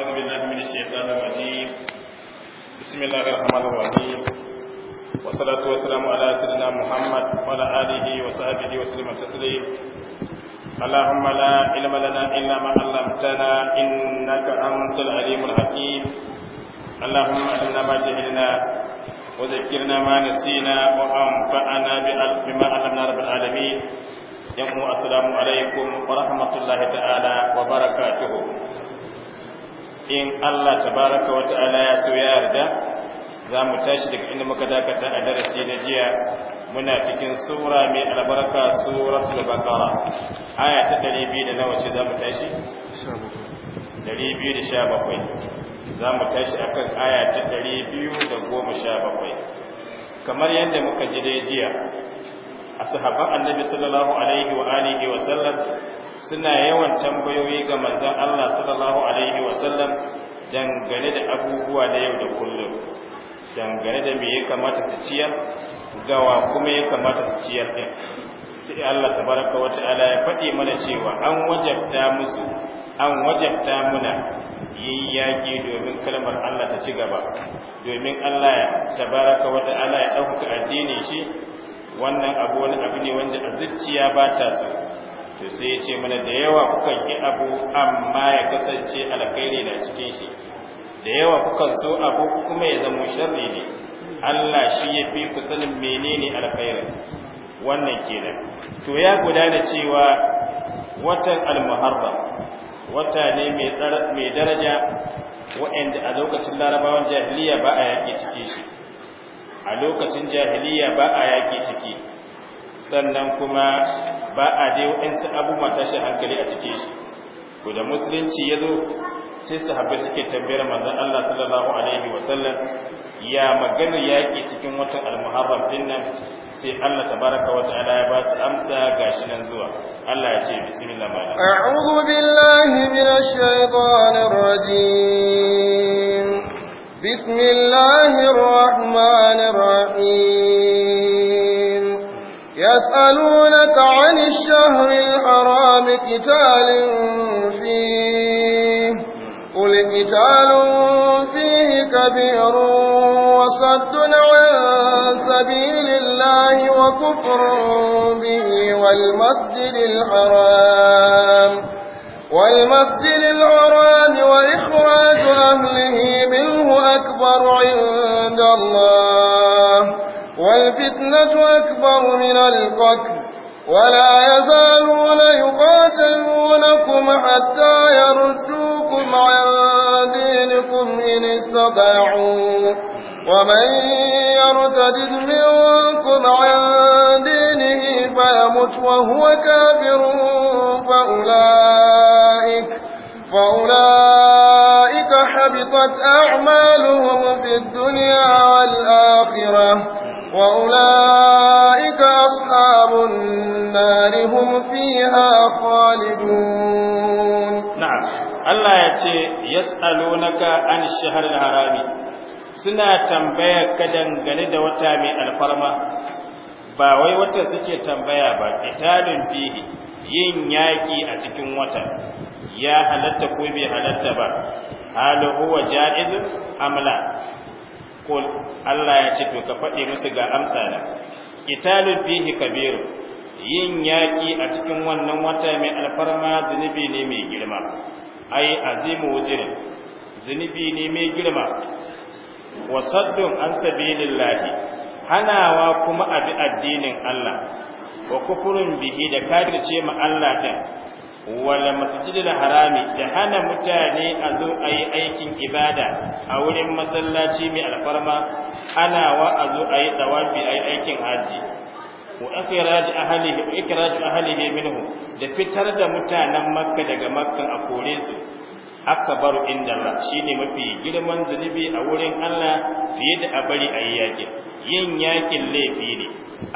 أعوذ بالله من الشيطان الرجيم بسم الله الرحمن الرحيم والصلاة والسلام على سيدنا محمد وعلى آله وصحبه وسلم تسليم اللهم لا علم لنا إلا ما علمتنا إنك أنت العليم الحكيم اللهم علمنا ما جهلنا وذكرنا ما نسينا وأنفعنا بما علمنا رب العالمين يوم السلام عليكم ورحمة الله تعالى وبركاته in Allah tabaraka wa ta'ala ya so ya yarda za mu tashi daga inda muka dakata a darasi na jiya muna cikin sura mai albarka suratul baqara aya ta 200 da nawa ce za mu tashi 217 za mu tashi akan aya ta 217 kamar yadda muka ji dai jiya a sahabban annabi sallallahu alaihi wa alihi wa sallam suna yawan tambayoyi ga manzon Allah sallallahu alaihi wasallam dangane da abubuwa na yau da kullum dangane da me ya kamata ta ciyar gawa kuma ya kamata ta ciyar din sai Allah tabaraka wa ta'ala ya faɗi mana cewa an wajabta musu an wajabta muna yin yaƙi domin kalmar Allah ta ci gaba domin Allah ya tabaraka wa ta'ala ya ɗaukaka addinin shi wannan abu wani abu ne wanda a zuciya ba ta so to sai ya ce mana da yawa kukan ki abu amma ya kasance alkhairi na cikin shi da yawa kukan so abu kuma ya zama sharri ne Allah shi ya fi ku sanin menene alkhairin wannan kenan to ya guda da cewa watan al-muharram wata ne mai daraja waɗanda a lokacin larabawan jahiliya ba a yaƙi ciki shi a lokacin jahiliya ba a yaƙi ciki sannan kuma ba a dai waɗansu abubuwan tashi hankali a cikin shi ko da musulunci ya zo sai haɓe suke tambayar manzan Allah sallallahu alaihi wa sallam ya magana yaƙi cikin watan al-muharram din nan sai Allah tabaraka wa ta'ala ya ba su amsa gashi nan zuwa Allah ya ce bismillah ma'ana a'udhu billahi minash shaitanir rajim bismillahir rahmanir rahim يسألونك عن الشهر الحرام قتال فيه قل قتال فيه كبير وصد عن سبيل الله وكفر به والمسجد الحرام والمسجد الحرام وإخراج أهله منه أكبر عند الله والفتنة أكبر من القتل ولا يزالون يقاتلونكم حتى يردوكم عن دينكم إن استطاعوا ومن يرتد منكم عن دينه فيمت وهو كافر فأولئك, فأولئك حبطت أعمالهم في الدنيا والآخرة وأولئك أصحاب النار هم فيها خالدون نعم الله يتي يسألونك عن الشهر الحرام suna tambaya ka dangane da wata mai alfarma ba wai wata suke tambaya ba italin fihi yin yaƙi a cikin wata ya halatta ko bai halatta ba halu ja'izu ja'iz amla kul Allah ya ce to ka faɗi musu ga amsa da italu fihi kabir yin yaki a cikin wannan wata mai alfarma zunubi ne mai girma ai azimu wuzrin zunubi ne mai girma wa saddun an sabilillahi hanawa kuma abi addinin Allah wa kufurun bihi da kadirce ma Allah din wala masjidil harami da hana mutane a zo a yi aikin ibada a wurin masallaci mai alfarma hanawa a zo a yi tsawafi a yi aikin haji wa ikiraju ahlihi wa ikiraju ahlihi minhu da fitar da mutanen makka daga makka a kore su akbaru inda Allah shine mafi girman zunubi a wurin Allah fiye da a bari a yi yakin yin yakin laifi ne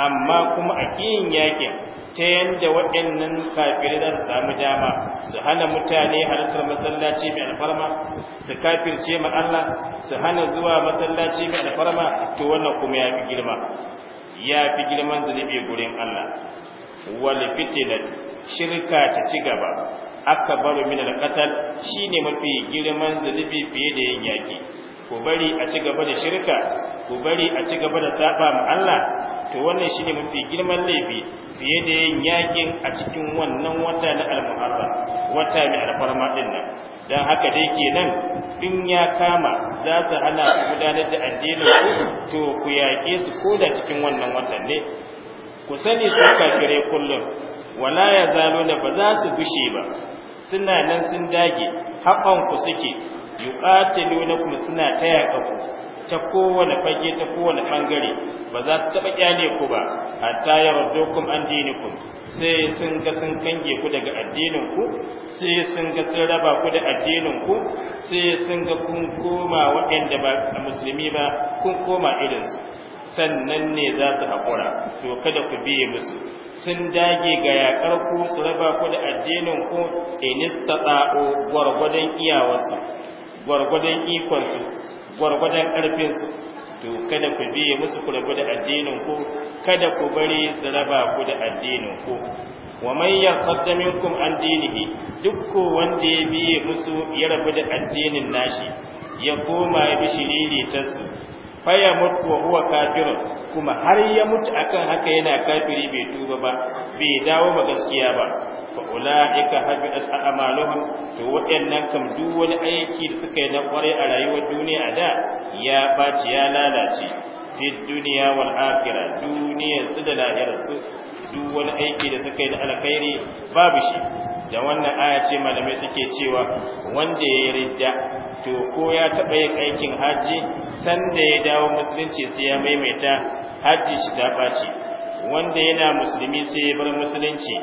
amma kuma a kiyin yakin ta yadda waɗannan kafirai za su samu dama su hana mutane halartar masallaci mai alfarma su kafirce ma Allah su hana zuwa masallaci mai alfarma to wannan kuma ya fi girma ya fi girman da nufi gurin Allah Wani fitilar shirka ta ci gaba baro min alƙatar shi ne mafi girman da nufi fiye da yin yaki ku bari a ci gaba da shirka ku bari a ci gaba da saba ma Allah to wannan shine mafi girman laifi fiye da yin yakin a cikin wannan wata na al-muharram wata mai alfarma din nan dan haka dai kenan in ya kama za ta hana gudanar da addinin ku to ku yaƙe su ko da cikin wannan watan ne ku sani su gare kullum wala ya zalo da ba za su gushe ba suna nan sun dage haƙan ku suke kuma suna taya ku ta kowane fage ta kowane bangare ba za su taɓa kyale ku ba hatta ya raddokum an ku sai sun ga sun kange ku daga addinin ku sai sun ga sun raba ku da addinin ku sai sun ga kun koma waɗanda ba musulmi ba kun koma irinsu sannan ne za su haƙura to kada ku biye musu sun dage ga yaƙar ku su raba ku da addinin ku inistata'u gwargwadon iyawarsu gwargwadon ikonsu gwargwadon ƙarfinsu to kada ku biye musu ku rabu da addinin ku kada ku bari su raba ku da addinin ku wa man yarqadda minkum an dinihi duk ko wanda ya biye musu ya rabu da addinin nashi ya koma ya bi shiriri ta su faya mutu wa huwa kafirun kuma har ya mutu akan haka yana kafiri bai tuba ba bai dawo ba gaskiya ba fa ulaika habitat a'maluhum to waɗannan kam duk wani aiki da suka yi na kware a rayuwar duniya a da ya baci ya lalace fi duniya wal akhirah duniya su da lahirar su duk wani aiki da suka yi na alkhairi babu shi da wannan aya ce malamai suke cewa wanda ya yi ridda to ko ya taɓa yin aikin hajji sanda ya dawo musulunci sai ya maimaita hajji shi ta ɓaci wanda yana musulmi sai ya bar musulunci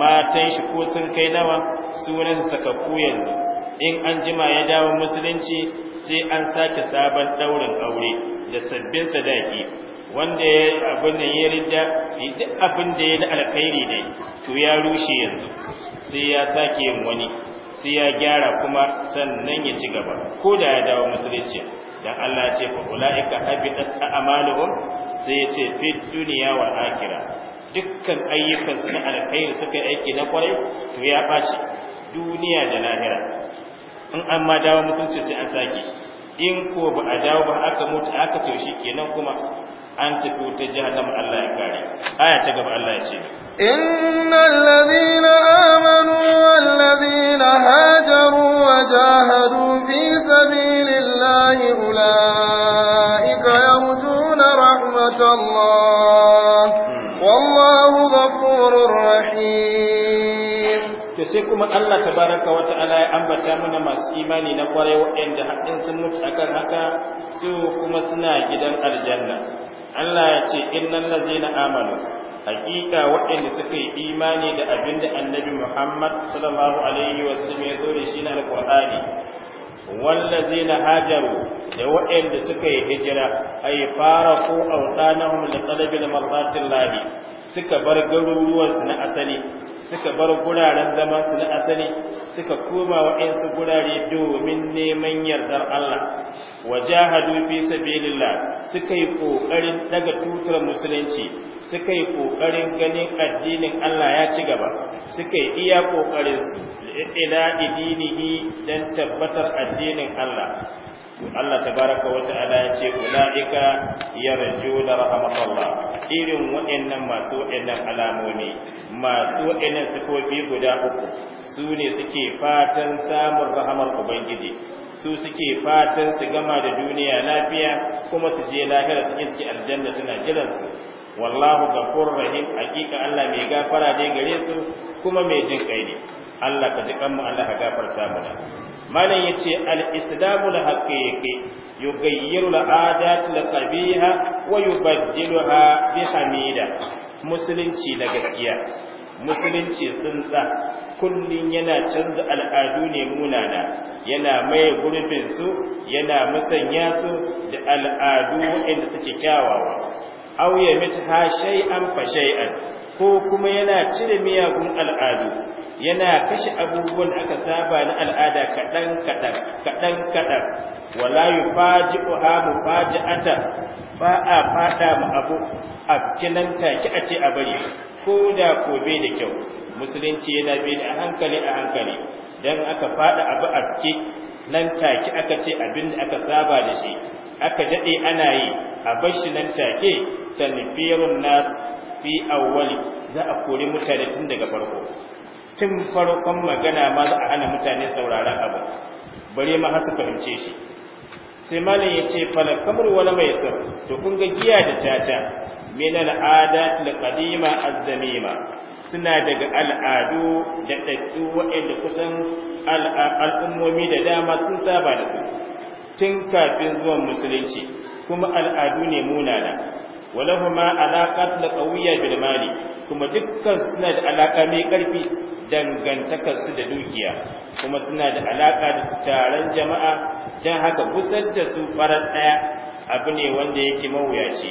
matan shi ko sun kai nawa sunan sakakku yanzu in an jima ya dawo musulunci sai an sake sabon ɗaurin aure da sabbin sadaki wanda ya abin da ya ridda duk abin da ya da alkhairi ne to ya rushe yanzu sai ya sake yin wani sai ya gyara kuma sannan ya ci gaba ko da ya dawo musulunci dan Allah ce fa ulaika habitat a'maluhum sai ya ce fi dunya wa akhirah dukkan ayyukan su na alkhair suka yi aiki na kwarai to ya bashi duniya da lahira in an ma dawo mutunci sai an sake in ko ba a dawo ba aka mutu aka to kenan kuma an tafi ta jahannama Allah ya kare aya ta gaba Allah ya ce إن الذين آمنوا والذين هاجروا وجاهدوا في سبيل الله أولئك يرجون رحمة الله hmm. والله غفور رحيم to sai kuma Allah tabaraka wa ta'ala ya ambata mana masu imani na kwarai waɗanda haɗin sun mutu akan haka su kuma suna gidan aljanna Allah ya ce innal amanu hakika waɗanda suka yi imani da abin da annabi Muhammad sallallahu alaihi wa sallam ya zo da shi na alqur'ani wallazina hajaru da waɗanda suka yi hijira ay faraku awdanahum li talabil mardatillahi suka bar garuruwansu na asali suka bar guraren zama su na asali suka koma wa'insu gurare domin neman yardar Allah jahadu fi sabilillah suka yi kokarin daga tutar musulunci suka yi kokarin ganin addinin Allah ya ci gaba suka yi iya kokarin su ila dinihi dan tabbatar addinin Allah Allah tabaraka wa ta'ala ya ce ulaika da rahmatullah irin waɗannan masu waɗannan alamomi masu waɗannan sifofi guda uku su ne suke fatan samun rahmar ubangiji su suke fatan su gama da duniya lafiya kuma su je lahira su aljanna suna jiran su wallahu ghafurur rahim hakika Allah mai gafara ne gare su kuma mai jin kai ne Allah ka ji kanmu Allah ka gafarta mana malam yace al-islamu la haqiqi yughayyiru al-adat al-qabiha wa yubaddiluha bi hamida musulunci na gaskiya musulunci tsuntsa Kullum yana canza al'adu ne munana yana mai gurbin su yana musanya su da al'adu waɗanda suke kyawawa aw yamit ha shay'an fa shay'an ko kuma yana cire miyagun al'adu yana kashe abubuwan da aka saba na al'ada kaɗan kaɗan kaɗan kaɗan wala faji uha mu faji Atar ba a fada mu abu a kinan take a ce a bari ko da ko bai da kyau musulunci yana bai da hankali a hankali dan aka fada abu a ke nan take aka ce abin da aka saba da shi aka dade ana yi a bar shi nan take tanfirun nas fi awwali za a kori mutane tun daga farko tun farkon magana ma za a hana mutane sauraron abu bare ma hasu fahimce shi sai malam ya ce fara kamar wani mai sir to kun ga giya da caca min al'ada da qadima az-zamima suna daga al'adu da daddu waɗanda kusan al'ummomi da dama sun saba da su tun kafin zuwan musulunci kuma al'adu ne munana walahuma alaqat laqawiyya bil mali kuma dukkan suna da alaka mai karfi dangantakar su da dukiya kuma suna da alaƙa da taron jama'a dan haka kusar da su farar ɗaya, abu ne wanda yake mawuyaci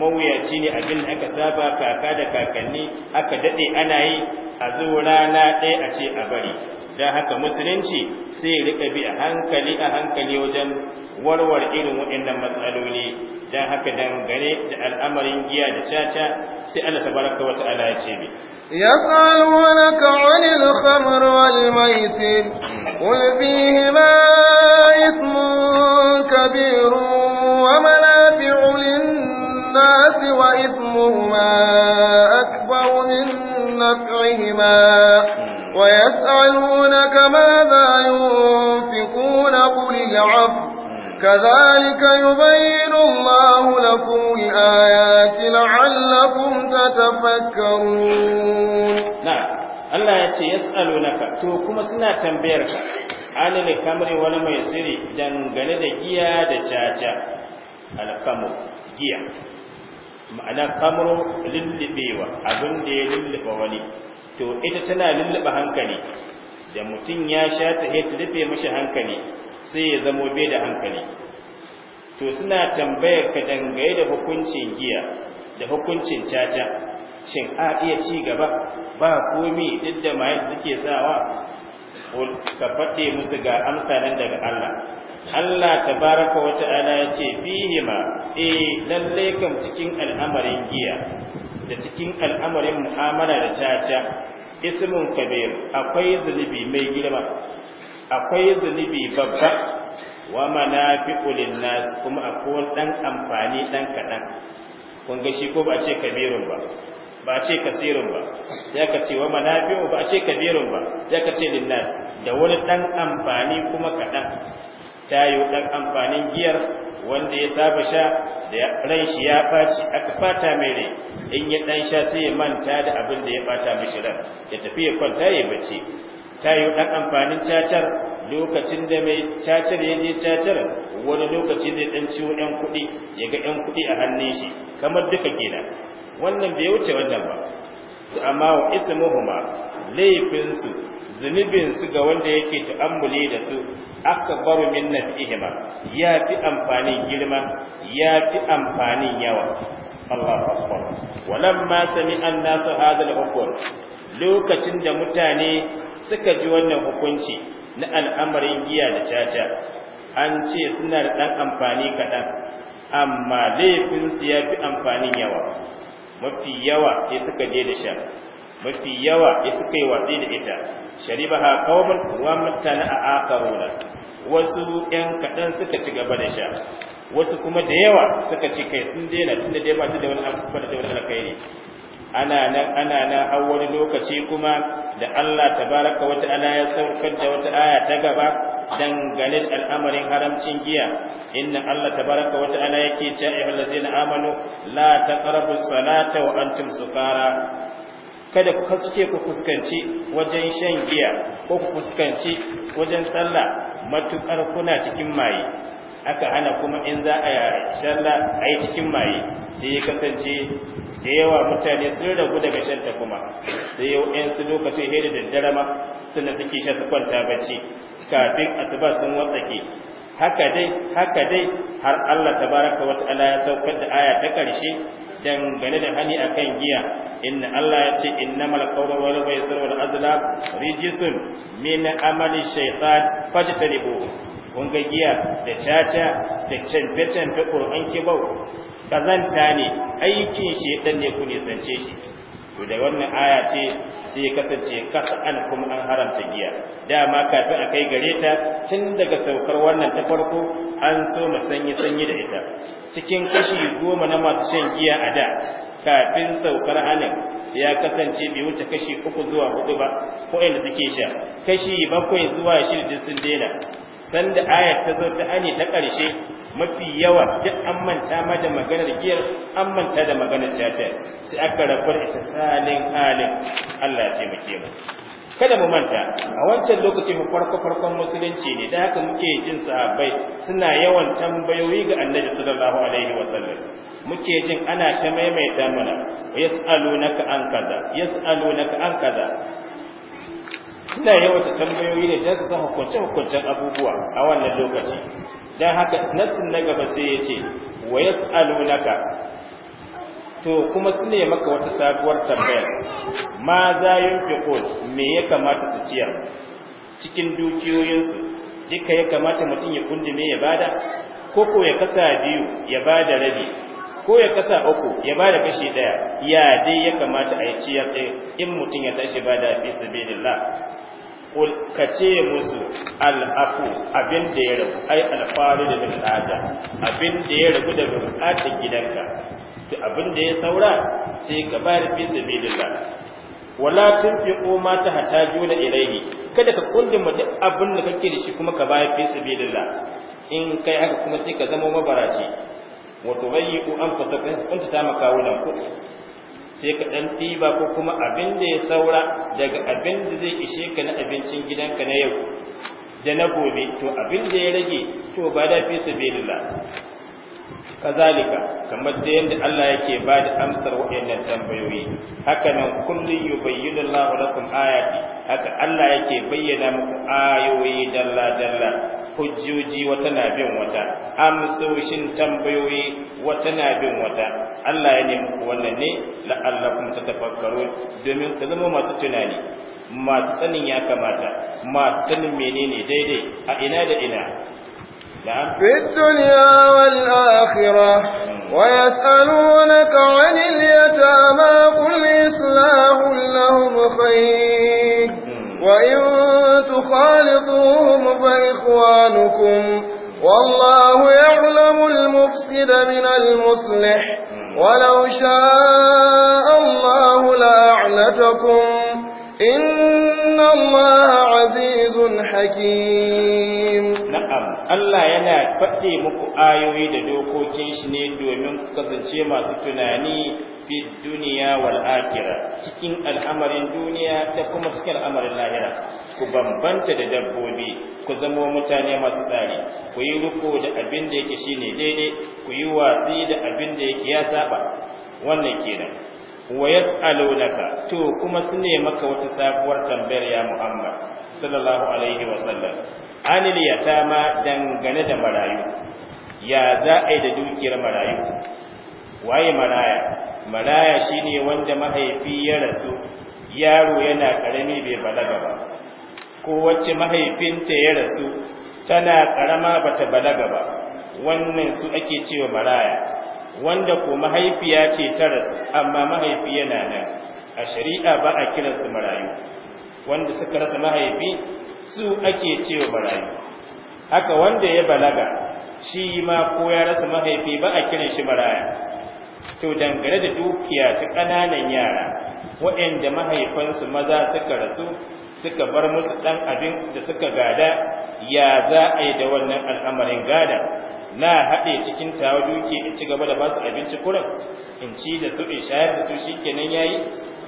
mawuyaci ne abin da aka saba kaka da kakanni aka daɗe ana yi a zuwa rana ɗaya a ce a bari don haka musulunci sai rika bi a hankali a hankali wajen warware irin waɗannan matsaloli don haka dangane da al'amarin giya da caca sai Allah ta tabaraka wa ta'ala ya ce mi يسألونك عن الخمر والميسر قل فيهما إثم كبير ومنافع للناس وإثمهما أكبر من نفعهما ويسألونك ماذا ينفقون قل العفو كذلك يبين الله لكم الآيات لعلكم تتفكرون نعم Allah ya ce yas'alunaka to kuma suna tambayar ka alil kamri mai maisiri dangane da giya da caca al giya ma'ana kamro lullubewa abin da ya lulluba wani to ita tana lulluba hankali da mutum ya sha ta ya rufe mashi hankali sai ya zamo bai da hankali to suna tambayar ka dangaye da hukuncin giya da hukuncin caca shin a iya ci gaba ba komi duk da mayar suke sawa ka faɗe musu ga amsa nan daga Allah Allah tabaraka wa ta'ala ya ce ma. eh lalle kam cikin al'amarin giya da cikin al'amarin mu'amala da caca ismun kabir akwai zunubi mai girma akwai zunubi babba wa manafi'u linnas kuma akwai dan amfani dan kadan kun ga shi ko ba ce kabirun ba ba ce kasirun ba ya ka ce wa manafi'u ba ce kabirun ba ya ka ce linnas da wani dan amfani kuma kadan Ta yi dan amfanin giyar wanda ya saba sha da ran shi ya faci aka fata mai ne in ya dan sha sai ya manta da abin da ya fata mishi ran ya tafi ya kwanta ya bace yi dan amfanin cacar lokacin da mai cacar ya je cacar wani lokaci da dan ciwo ɗan kuɗi ya ga yan kuɗi a hannun shi kamar duka kenan wannan bai wuce wannan ba amma wa ismuhuma laifinsu zunubinsu ga wanda yake ta'ammuli da su akbaru min nafihima ya fi amfani girma ya fi amfani yawa Allahu akbar walamma an-nasu hadha al-hukm lokacin da mutane suka ji wannan hukunci na al'amarin giya da caca an ce suna da ɗan amfani kaɗan amma laifinsu ya fi amfanin yawa mafi yawa ya suka je da sha mafi yawa ya suka yi watsi da ita shari'a ha kawo wa mutane a akaruna wasu ‘yan kaɗan suka ci gaba da sha wasu kuma da yawa suka ci kai sun daina tun da dai ba ta da wani wani ana ne. ana na hau wani lokaci kuma da Allah Ta baraka wata ala ya saukar da wata aya ta gaba dangane da al'amarin haramcin giya inna Allah Ta tabaraka wata ta'ala yake cewa na amanu la taqrabu salata wa antum sukara kada ku kaske ku fuskanci wajen shan giya ko ku fuskanci wajen sallah matukar kuna cikin maye aka hana kuma in za a shalla a yi cikin maye sai ya kasance da yawa mutane sun ragu daga shanta kuma sai yau in su lokacin hedi da daddare ma suna suke sha su kwanta bacci kafin asuba sun watsake haka dai haka dai har Allah tabaraka wa ta'ala ya saukar da aya ta karshe dangane da hani akan giya inna Allah ya ce innamal qawlu wal maisir wal azla rijisun min amali shaytan fajtalibu kun ga giya da caca da canfe canfe qur'an kibau kazanta ne aikin shaytan ne ku nisance shi to da wannan aya ce sai ya kasance an kuma an haramta giya dama kafin a kai gare ta tun daga saukar wannan ta farko an so sanyi sanyi da ita cikin kashi goma na masu shan giya a da kafin saukar anan ya kasance bai wuce kashi uku zuwa hudu ba ko inda suke sha kashi bakwai zuwa shida sun san sanda ayat ta zo ta ani ta ƙarshe mafi yawa duk an manta ma da maganar giyar an manta da maganar caca sai aka rabar ita salin halin Allah ya taimake mu kada mu manta a wancan lokaci mu farko farkon musulunci ne da haka muke jin sahabbai suna yawan tambayoyi ga annabi sallallahu alaihi wasallam muke jin ana ta maimaita mana yas'alunaka an kaza yas'alunaka an kaza suna yawan tambayoyi ne da su hukunce hukuncen abubuwa a wannan lokaci dan haka nassin na gaba sai yace wa yas'alunaka to kuma su ne maka wata sabuwar tambaya ma za kod me ya kamata su ciyar cikin dukiyoyinsu duka ya kamata mutum ya ne ya bada ko ko ya kasa biyu ya bada rabi ko ya kasa uku ya bada kashi daya ya dai ya kamata a yi ciyar ɗaya in mutum ya tashi bada fi sabilillah kul ce musu al'afu abin da ya rabu ai alfaru da bin ada abin da ya rabu da bin gidanka da abin da ya saura sai ka bayar fi sabilillah wala tunfiqu ma tahtajuna ilayhi kada ka kullum da abin da kake da shi kuma ka bayar fi sabilillah in kai haka kuma sai ka zama mabaraci wa tubayyi'u ta maka wannan ku sai ka ɗan ɗiba ko kuma abin da ya saura daga abin da zai ishe ka na abincin gidanka na yau da na gobe to abin da ya rage to ba da fi sabilillah kazalika kamar da yadda Allah yake ba da amsar wa'annan tambayoyi haka nan kullun yubayyinu Allahu lakum ayati haka Allah yake bayyana muku ayoyi dalla dalla hujjoji wata na bin wata amsoshin tambayoyi wata na bin wata Allah ya nemi ku wannan ne la'allakum tatafakkaru domin ku zama masu tunani masu sanin ya kamata masu sanin menene daidai a ina da ina نعم. في الدنيا والآخرة ويسألونك عن اليتامى قل إصلاح لهم خير وإن تخالطوهم فإخوانكم والله يعلم المفسد من المصلح ولو شاء الله لأعنتكم inna Allah azizun hakim na'am Allah yana faɗe muku ayoyi da dokokin shi ne domin ku kasance masu tunani fi duniya wal akhirah cikin al'amarin duniya da kuma cikin al'amarin lahira ku bambanta da dabbobi ku zama mutane masu tsari ku yi ruko da abin da yake shine daidai ku yi watsi da abin da yake ya saba wannan kenan wa yas'alunaka to kuma su ne maka wata sabuwar tambayar ya Muhammad sallallahu alaihi wa sallam anil yatama dangane da marayu ya za a yi da dukiyar marayu waye maraya maraya shine wanda mahaifi ya rasu yaro yana karami bai balaga ba ko wacce mahaifinta ya rasu tana karama bata balaga ba wannan su ake cewa maraya wanda ko mahaifiya ce ta rasu amma mahaifi yana nan a shari'a ba a su marayu wanda suka rasa mahaifi su ake cewa marayu haka wanda ya balaga shi ma ko ya rasa mahaifi ba a kiran shi maraya to dangane da dukiya ta ƙananan yara waɗanda mahaifansu maza suka rasu suka bar musu ɗan abin da suka gada ya za a yi da wannan al'amarin gada na haɗe cikin tawa duki in ci gaba da ba su abinci kurin in ci da su in shayar da su shi ya yayi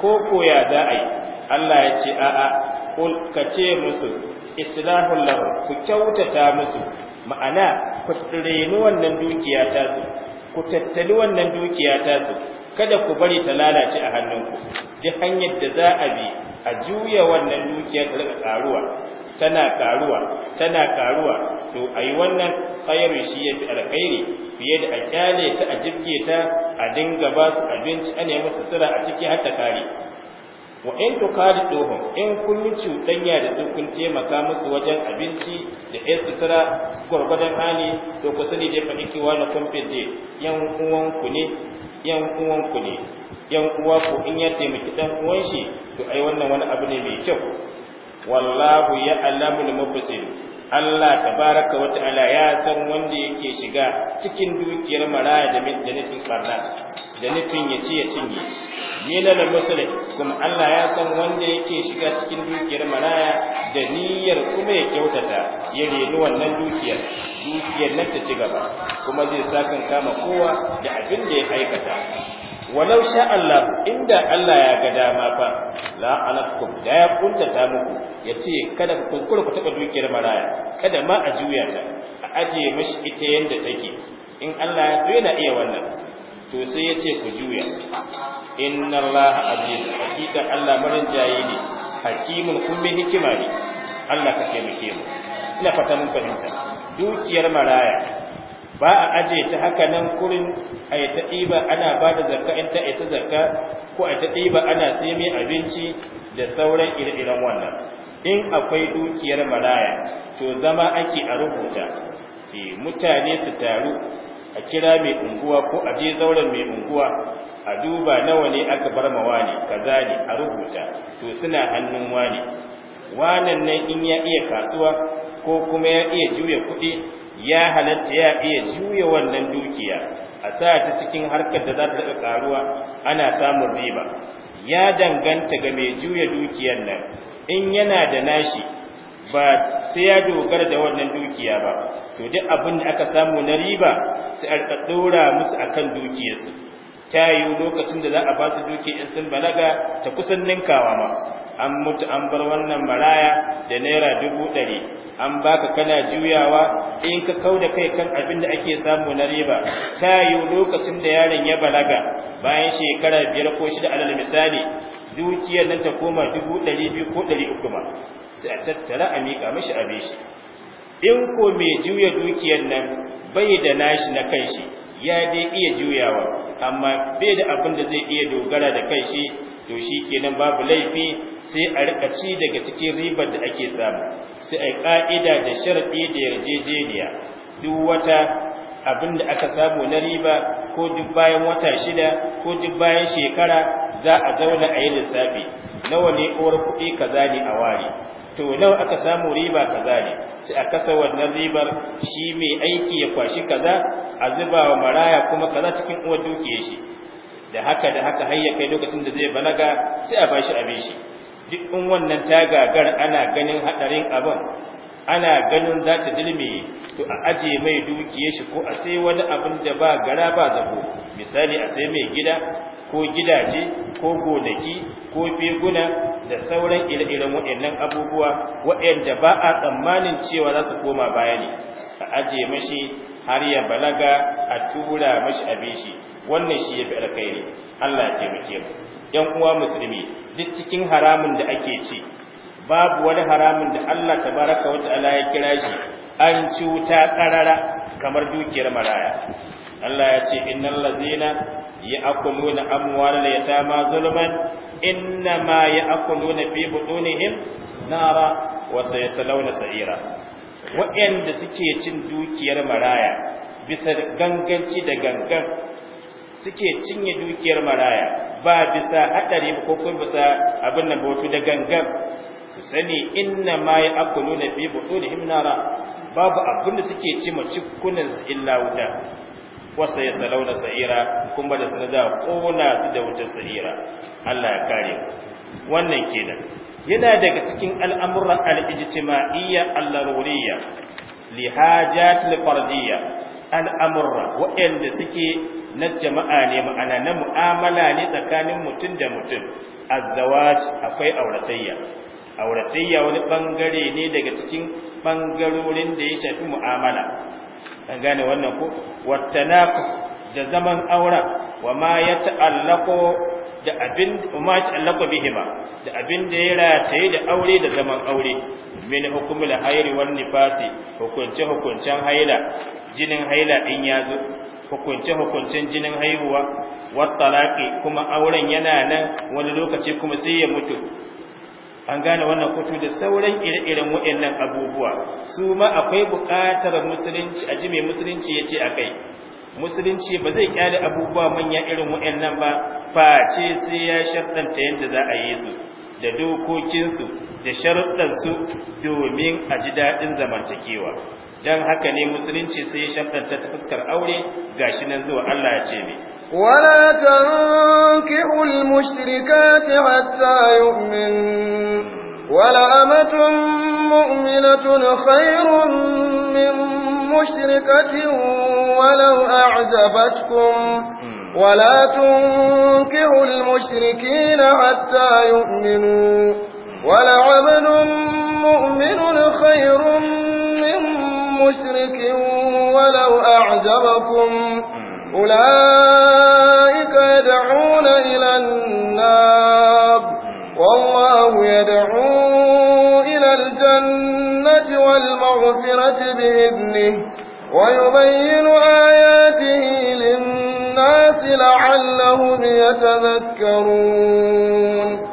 ko koya za a yi Allah ya ce a'a kul ka ce musu islahul lahu ku kyautata musu ma'ana ku tsireni wannan dukiya ta su ku tattali wannan dukiya ta su kada ku bari ta lalace a hannunku duk hanyar da za a bi a juya wannan dukiya ta daga karuwa tana karuwa tana karuwa to ayi wannan khairu shi ya fi alkhairi fiye da a kyale ta a jirge ta a dinga ba su abinci ana yi musu tsira a ciki har ta kare wa in kare dohon in kullu cuɗanya da su kun taimaka musu wajen abinci da ɗan sutura gwargwadon hali to ku sani dai faɗi kiwa na dai yan uwanku ne yan ku ne yan uwa ku in ya taimaki ɗan uwan shi to ai wannan wani abu ne mai kyau wallahu da mufsid Allah baraka wa ta'ala ya san wanda yake shiga cikin dukiyar maraya da nufin karna da nufin ya ci ya cinye da muslim kuma Allah ya san wanda yake shiga cikin dukiyar maraya da niyyar kuma ya kyautata ya reni wannan dukiyar dukiyar nan ta ci kuma zai sakan kama kowa da abin da ya aikata walau sha Allah inda Allah ya ga dama fa la anakum da ya ta muku yace kada ku kuskure ku taba dukiyar maraya kada ma a juya ta a aje mishi ita yanda take in Allah ya so yana iya wannan to sai yace ku juya inna Allah aziz hakika Allah marin jayi ne hakimun kun bi hikima ne Allah ka taimake mu ina fata mun fahimta dukiyar maraya ba a aje ta haka nan kurin a yi ta ɗiba ana ba da zarka in ta ita zarka ko a ta ɗiba ana sai abinci da sauran ire-iren wannan in akwai dukiyar maraya to zama ake a rubuta eh, mutane su taru a kira mai unguwa ko a je zauren mai unguwa a duba nawa ne aka bar ma wani kaza ne a rubuta to suna hannun wani wanan nan in ya iya kasuwa ko kuma ya iya juya kuɗi ya halatta ya iya juya wannan dukiya a sa ta cikin harkar da za ta daga karuwa ana samun riba ya danganta ga mai juya dukiyar nan in yana da nashi ba sai ya dogara da wannan dukiya ba to duk abin da aka samu na riba sai a musu akan dukiyarsu ta yi lokacin da za a ba su duki in sun balaga ta kusan ninkawa ma an mutu an bar wannan maraya da naira dubu ɗari an baka kana juyawa in ka kau da kai kan abin da ake samu na riba ta yi lokacin da yaron ya balaga bayan shekara biyar ko shida alal misali dukiyar nan ta koma dubu ɗari biyu ko ɗari uku ma sai a tattara a miƙa mashi abin shi in ko mai juya dukiyar nan bai da nashi na shi, ya dai iya juyawa amma bai da abin da zai iya dogara da kai shi to shi kenan babu laifi sai a rika ci daga cikin ribar da ake samu sai a ka'ida da sharadi da yarjejeniya duk wata abin da aka samu na riba ko duk bayan wata shida ko duk bayan shekara za a zauna a yi lissafi nawa ne uwar kuɗi kaza ne a ware to nawa aka samu riba kaza ne sai a kasa wannan ribar shi mai aiki ya kwashi kaza a zuba maraya kuma kaza cikin uwar dukiyar shi da haka da haka har ya kai lokacin da zai balaga sai a bashi abin shi duk in wannan ta gagar ana ganin hadarin abin ana ganin za ta dilme to a aje mai dukiyar shi ko a sai wani abin da ba gara ba zabo misali a sai mai gida ko gidaje ko gonaki ko feguna da sauran ire-iren waɗannan abubuwa waɗanda ba a tsammanin cewa za su koma baya ne a ajiye mashi har ya balaga a tura mashi abin shi wannan shi ya fi alkhairi Allah ya taimake mu ɗan uwa musulmi duk cikin haramun da ake ci babu wani haramun da Allah tabaraka wa ta'ala ya kira shi an cuta karara kamar dukiyar maraya Allah ya ce innal ladzina ya'kuluna amwalal yatama zulman inna ma ya'kuluna fi na nara wa salau na sa'ira Waɗanda suke cin dukiyar maraya bisa ganganci da gangan suke cinye dukiyar maraya ba bisa haɗari ko kuma bisa abin nan bautu da gangan su sani inna ma ya'kuluna fi butunihim nara babu abin da suke ci ma cikkunan su illa wuta wasa ya salauna sa'ira kuma da sanada kona su da wutar sa'ira Allah ya kare wannan kenan yana daga cikin al'amuran al'ijtima'iyya al-laruriyya li hajat al-fardiyya al'amurra waɗanda suke na jama'a ne ma'ana na mu'amala ne tsakanin mutum da mutum azzawaj akwai auratayya auratayya wani bangare ne daga cikin bangarorin da ya shafi mu'amala an gane wannan ko wattanaku da zaman auren wa ma ya ta'allaqo da abin ma ta'allaqo bihima da abin da ya rataye da aure da zaman aure min hukumul hayri wan nifasi hukunce hukuncen haila jinin haila din ya zo hukunce hukuncen jinin haihuwa wa talaqi kuma auren yana nan wani lokaci kuma sai ya mutu an gane wannan kutu da sauran ire-iren waɗannan abubuwa su ma akwai buƙatar musulunci a mai musulunci ya ce a kai musulunci ba zai kyale abubuwa manya irin waɗannan ba face sai ya sharɗanta yadda za a yi su da dokokinsu da su domin a ji daɗin zamantakewa don haka ne musulunci sai ya sharɗanta ta fuskar aure gashi nan zuwa Allah ya ce mai ولا تنكحوا المشركات حتى يؤمن ولأمة مؤمنة خير من مشركة ولو أعجبتكم ولا تنكحوا المشركين حتى يؤمنوا ولعبد مؤمن خير من مشرك ولو أعجبكم أولئك يدعون إلى النار والله يدعو إلى الجنة والمغفرة بإذنه ويبين آياته للناس لعلهم يتذكرون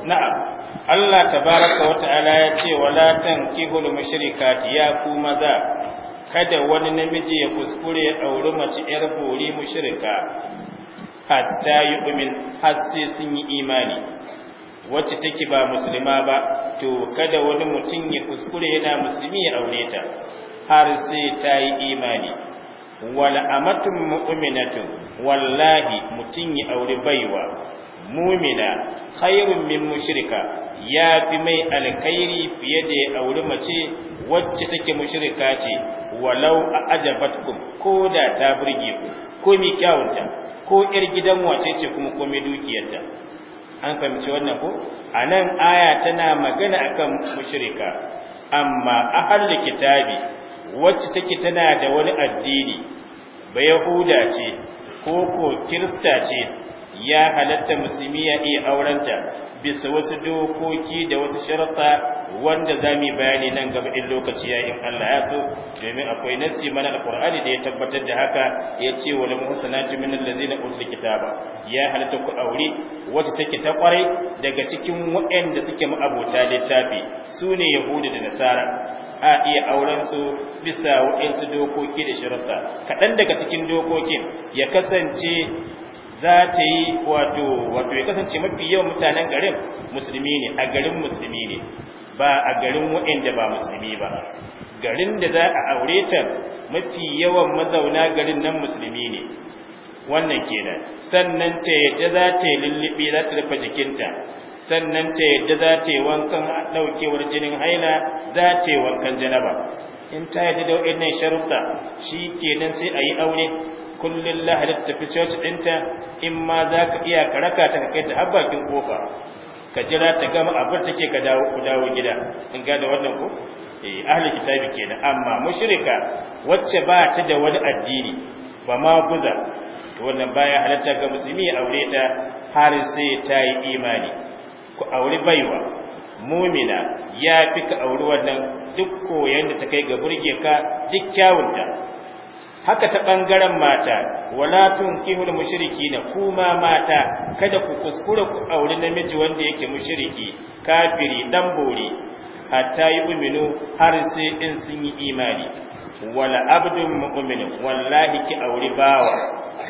نعم الله تبارك وتعالى ta'ala ولا ce المشركات tankihul mushrikati kada wani namiji ya kuskure ya ɗauri mace ‘yar bori mushrika hatta yi umin har sun yi imani wacce take ba musulma ba to kada wani mutum ya kuskure yana musulmi ya aure ta har sai ta yi imani wal amatun mu'minatu wallahi mutum ya aure baiwa mumina khairun min mushrika ya fi mai alkhairi fiye da ya auri mace wacce take mushrika ce walau a ajabatkum ko da ta burge ku ko mi kyawunta ko yar gidan wace ce kuma ko mai dukiyarta an fahimci wannan ko anan aya tana magana akan mushrika amma har kitabi wacce take tana da wani addini ba yahuda ce ko ko kirista ce ya halatta musulmi ya iya aurenta bisa wasu dokoki da wata sharaɗa wanda za mu bayani nan gaba in lokaci ya yi Allah ya so domin akwai nassi mana alqur'ani da ya tabbatar da haka ya ce wal muhsanatu min allazina utul kitaba ya halatta ku aure wacce take ta kwarai daga cikin waɗanda suke ma'abota littafi sune yahudi da nasara a iya auren su bisa waɗansu dokoki da sharaɗa kaɗan daga cikin dokokin ya kasance za ta yi wato wato ya kasance mafi yawan mutanen garin musulmi ne a garin musulmi ne ba a garin waɗanda ba musulmi ba garin da za a aure ta mafi yawan mazauna garin nan musulmi ne wannan kenan sannan ta yadda za ta yi lullubi za ta rufe jikinta sannan ta yadda za ta yi wankan ɗaukewar jinin haila za ta yi wankan janaba in ta yadda da waɗannan sharuɗa shi kenan sai a yi aure kullun lahadi ta tafi coci ɗinta in ma za ka iya ka raka ta kai ta har bakin kofa ka jira ta gama abin take ka dawo ku dawo gida in ga da wannan ku? eh ahli kitabi kenan amma mushrika wacce ba ta da wani addini ba ma guza to wannan baya halatta ga musulmi ya aure ta har sai ta yi imani ku auri baiwa mumina ya fi ka auri wannan duk koyon da ta kai ga burge ka duk kyawunta haka ta ɓangaren mata wala tun mushiriki na kuma mata kada ku kuskura ku auri namiji wanda yake mushiriki, kafiri dan bore hatta uminu har sai in sun yi imani wala abdun mu'min wallahi ki auri bawa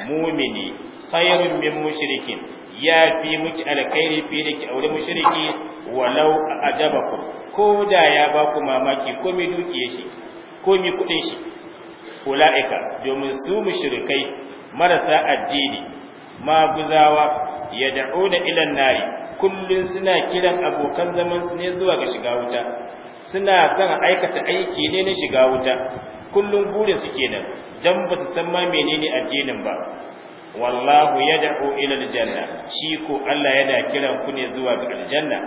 mu'mini khairun min mushrikin ya fi miki alkhairi fi da ki auri mushriki walau ajabakum ko da ya ba ku mamaki komai duki shi komai kudin shi ula'ika domin su mushrikai marasa addini maguzawa ya da ilan nari kullun suna kiran abokan zaman su ne zuwa ga shiga wuta suna zan aikata aiki ne na shiga wuta kullum burin su kenan dan ba su san ma menene addinin ba wallahu ya yad'u ila aljanna shi ko Allah yana kiran ku ne zuwa ga aljanna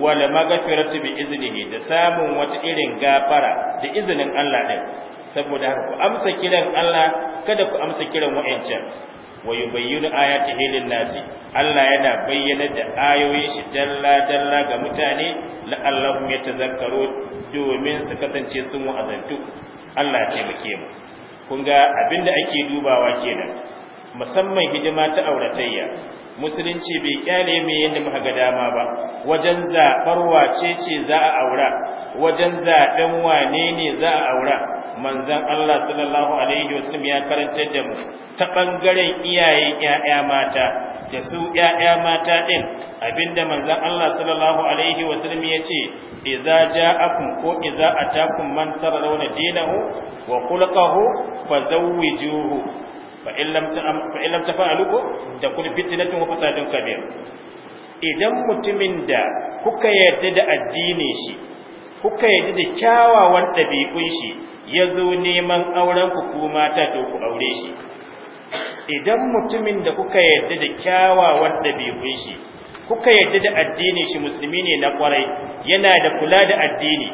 wala magafiratu bi iznihi da samun wata irin gafara da izinin Allah din saboda haka ku amsa kiran Allah kada ku amsa kiran wa'ancan wa yubayyinu ayati lin-nasi Allah yana bayyana da ayoyin shi dalla dalla ga mutane la'allahum yatazakkarun domin su kasance sun wa'azantu Allah ya taimake mu kun ga abinda ake dubawa kenan musamman hidima ta auratayya musulunci bai kyale mai yadda muka ga dama ba wajen zaɓar wace ce za a aura wajen zaɓen wane ne za a aura manzan Allah sallallahu alaihi wasallam ya karance da mu ta bangaren iyaye ƴaƴa mata da su ƴaƴa mata din abinda manzan Allah sallallahu alaihi wasallam ya ce idza ja'akum ko idza atakum man tarawna dinahu wa khulqahu fazawwijuhu fa in lam tafa'alu ko takun fitnatun wa fasadun kabir idan mutumin da kuka yarda da addinin shi kuka yarda da kyawawan ɗabi'un shi ya zo neman auren ku ko mata to ku aure shi idan mutumin da kuka yarda da kyawawan ɗabi'un shi kuka yarda da addini shi musulmi ne na kwarai yana da kula da addini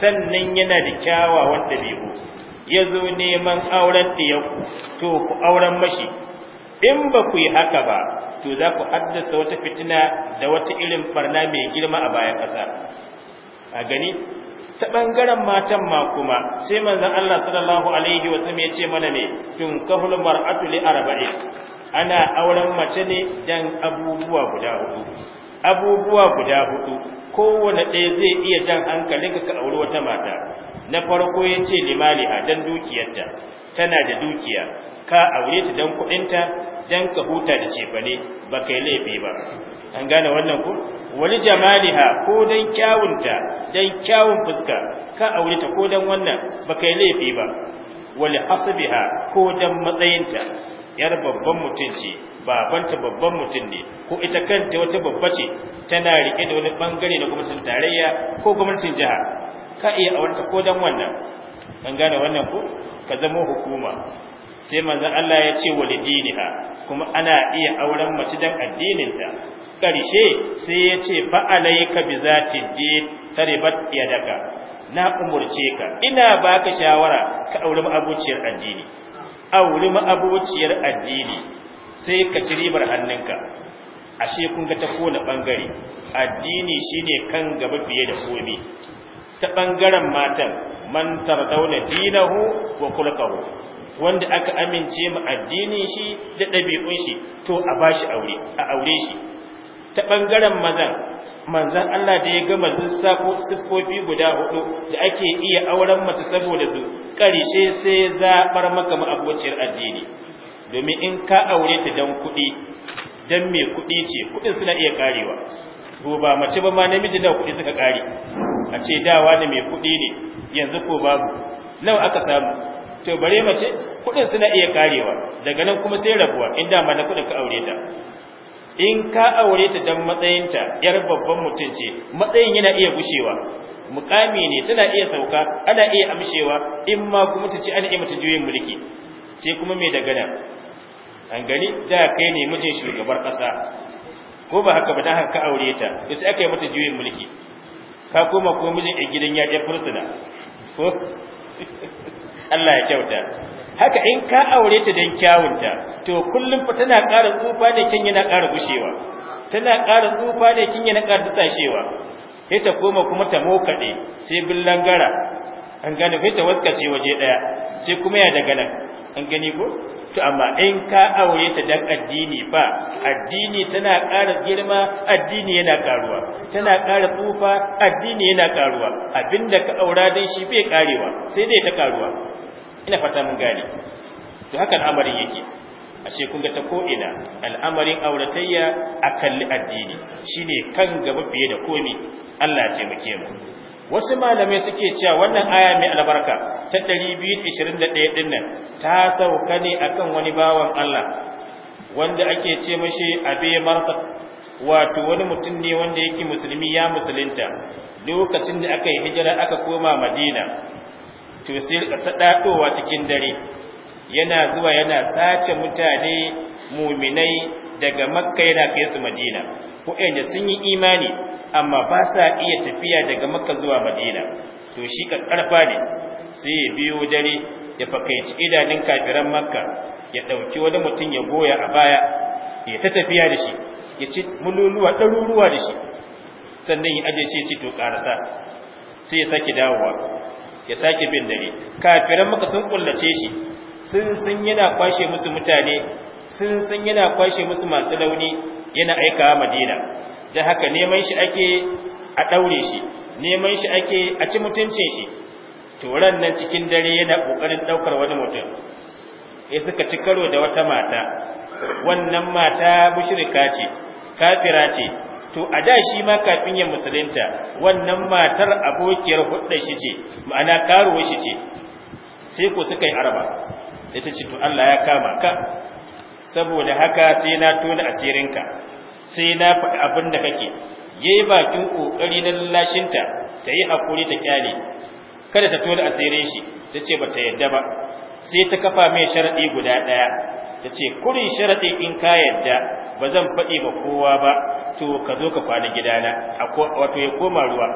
sannan yana da kyawawan ɗabi'u ya zo neman auren ɗiyanku to ku auren mashi in ba ku yi haka ba to za ku haddasa wata fitina da wata irin barna mai girma a bayan ƙasa a gani ta ɓangaren matan ma kuma sai manzo Allah sallallahu alaihi wa sallam ya ce mana ne tun kahul mar'atu li arba'i ana auren mace ne dan abubuwa guda hudu abubuwa guda hudu kowane ɗaya zai iya jan hankalinka ka auri wata mata na farko ya ce limaliha dan dukiyarta tana da dukiya ka aure ta dan kuɗinta dan ka huta da cefane baka yi laifi ba an gane wannan ku wani jamaliha ko dan kyawunta dan kyawun fuska ka aure ta ko dan wannan baka yi laifi ba wal hasbiha ko dan matsayinta yar babban mutum ce babanta babban mutum ne ko ita kanta wata babba ce tana rike da wani bangare na gwamnatin tarayya ko gwamnatin jiha ka iya ta ko dan wannan an gane wannan ko ka zama hukuma sai manzan Allah ya ce walidiniha kuma ana iya auren mace dan addininta Karshe sai ya ce ka bi zati je taribat yadaka na umurce ka ina baka shawara ka auri ma'abuciyar addini auri ma'abuciyar addini sai ka ci ribar hannunka ashe kun ga ta kona ɓangare? addini shine kan gaba fiye da komai ta ɓangaren matan man tardauna dinahu wa kulqahu wanda aka amince ma addini shi da ɗabi'un shi to a bashi aure a aure shi ta ɓangaren mazan manzan Allah da ya gama sako siffofi guda hudu da ake iya auren mace saboda su ƙarshe sai ya zaɓar maka ma'abociyar addini domin in ka aure ta don kuɗi don mai kuɗi ce kuɗin suna iya ƙarewa ko ba mace ba ma namiji da kuɗi suka ƙare a ce dawa ne mai kuɗi ne yanzu ko babu nawa aka samu to bare mace kuɗin suna iya ƙarewa daga nan kuma sai rabuwa in dama na kuɗin ka aure ta in ka aure ta dan matsayinta yar babban mutum ce matsayin yana iya gushewa mukami ne tana iya sauka ana iya amshewa in ma kuma ta ce ana iya mata juyin mulki sai kuma mai dagana an gani da kai ne mijin shugabar ƙasa ko ba haka ba haka ka aure ta sai aka yi mata juyin mulki ka koma ko mijin a gidan ya ɗaya fursuna ko Allah ya kyauta haka in ka aure ta dan kyawunta to kullum fa tana ƙara tsufa ne kin yana ƙara gushewa tana ƙara tsufa ne kin yana ƙara dusashewa sai ta koma kuma ta mokade sai billan gara an gane sai ta waskace waje ɗaya sai kuma ya daga nan an gani ko to amma in ka aure ta dan addini ba addini tana ƙara girma addini yana ƙaruwa tana ƙara tsufa addini yana ƙaruwa abinda ka aura dan shi bai ƙarewa sai dai ta ƙaruwa ina fata mun gane to haka al'amarin yake ashe kun ga ta ko ina al'amarin auratayya a kalli addini shine kan gaba fiye da komi Allah ya taimake mu wasu malamai suke cewa wannan aya mai albarka ta 221 din nan ta sauka ne akan wani bawan Allah wanda ake ce mashi abe marsa wato wani mutum ne wanda yake musulmi ya musulunta lokacin da aka yi hijira aka koma madina to sai rika sadadowa cikin dare yana zuwa yana sace mutane muminai daga makka yana kai su madina inda sun yi imani amma ba sa iya tafiya daga makka zuwa madina to shi karfa ne sai ya biyo dare ya fakaici idanun kafiran makka ya ɗauki wani mutum ya goya a baya ya ta tafiya da shi ya ci mululuwa ɗaruruwa da shi sannan ya aje shi ya ci to ƙarasa sai ya sake dawowa ya sake bin dare kafiran muka sun kullace shi sun sun yana kwashe musu mutane sun sun yana kwashe musu masu launi yana aikawa madina da haka neman shi ake a daure shi neman shi ake a ci mutuncin shi to nan cikin dare yana kokarin daukar wani mutum ya suka ci karo da wata mata wannan mata mushrika ce kafira ce to a da shi ma kafin ya musulunta wannan matar abokiyar hudda shi ce ma'ana karuwa shi ce sai ku suka yi araba ta ce to Allah ya kama ka saboda haka sai na tona asirinka sai na faɗi abin da kake yi bakin ƙoƙari na lallashinta ta yi haƙuri ta kyale kada ta tona asirin shi ta ce ba ta yadda ba sai ta kafa mai sharaɗi guda ɗaya, ta ce kurin sharaɗi in ka yadda ba zan faɗi ba kowa ba to ka zo ka kwana gidana wato ya koma ruwa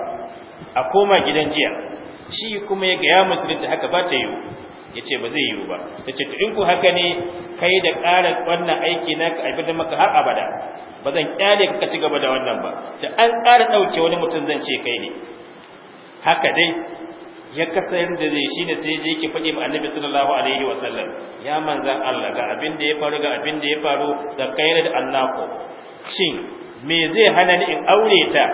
a koma gidan jiya shi kuma ya gaya musulunci haka ba ta yiwu ya ce ba zai yiwu ba ta ce to in ku haka ne kai da ƙara wannan aiki na ka da maka har abada ba zan kyale ka ci gaba da wannan ba da an ƙara ɗauke wani mutum zan ce kai ne haka dai ya kasa da zai shi ne sai je faɗi ba annabi sallallahu alaihi sallam ya manzan Allah ga abin da ya faru ga abin da ya faru da kaina da ko shin me zai hana ni in aure ta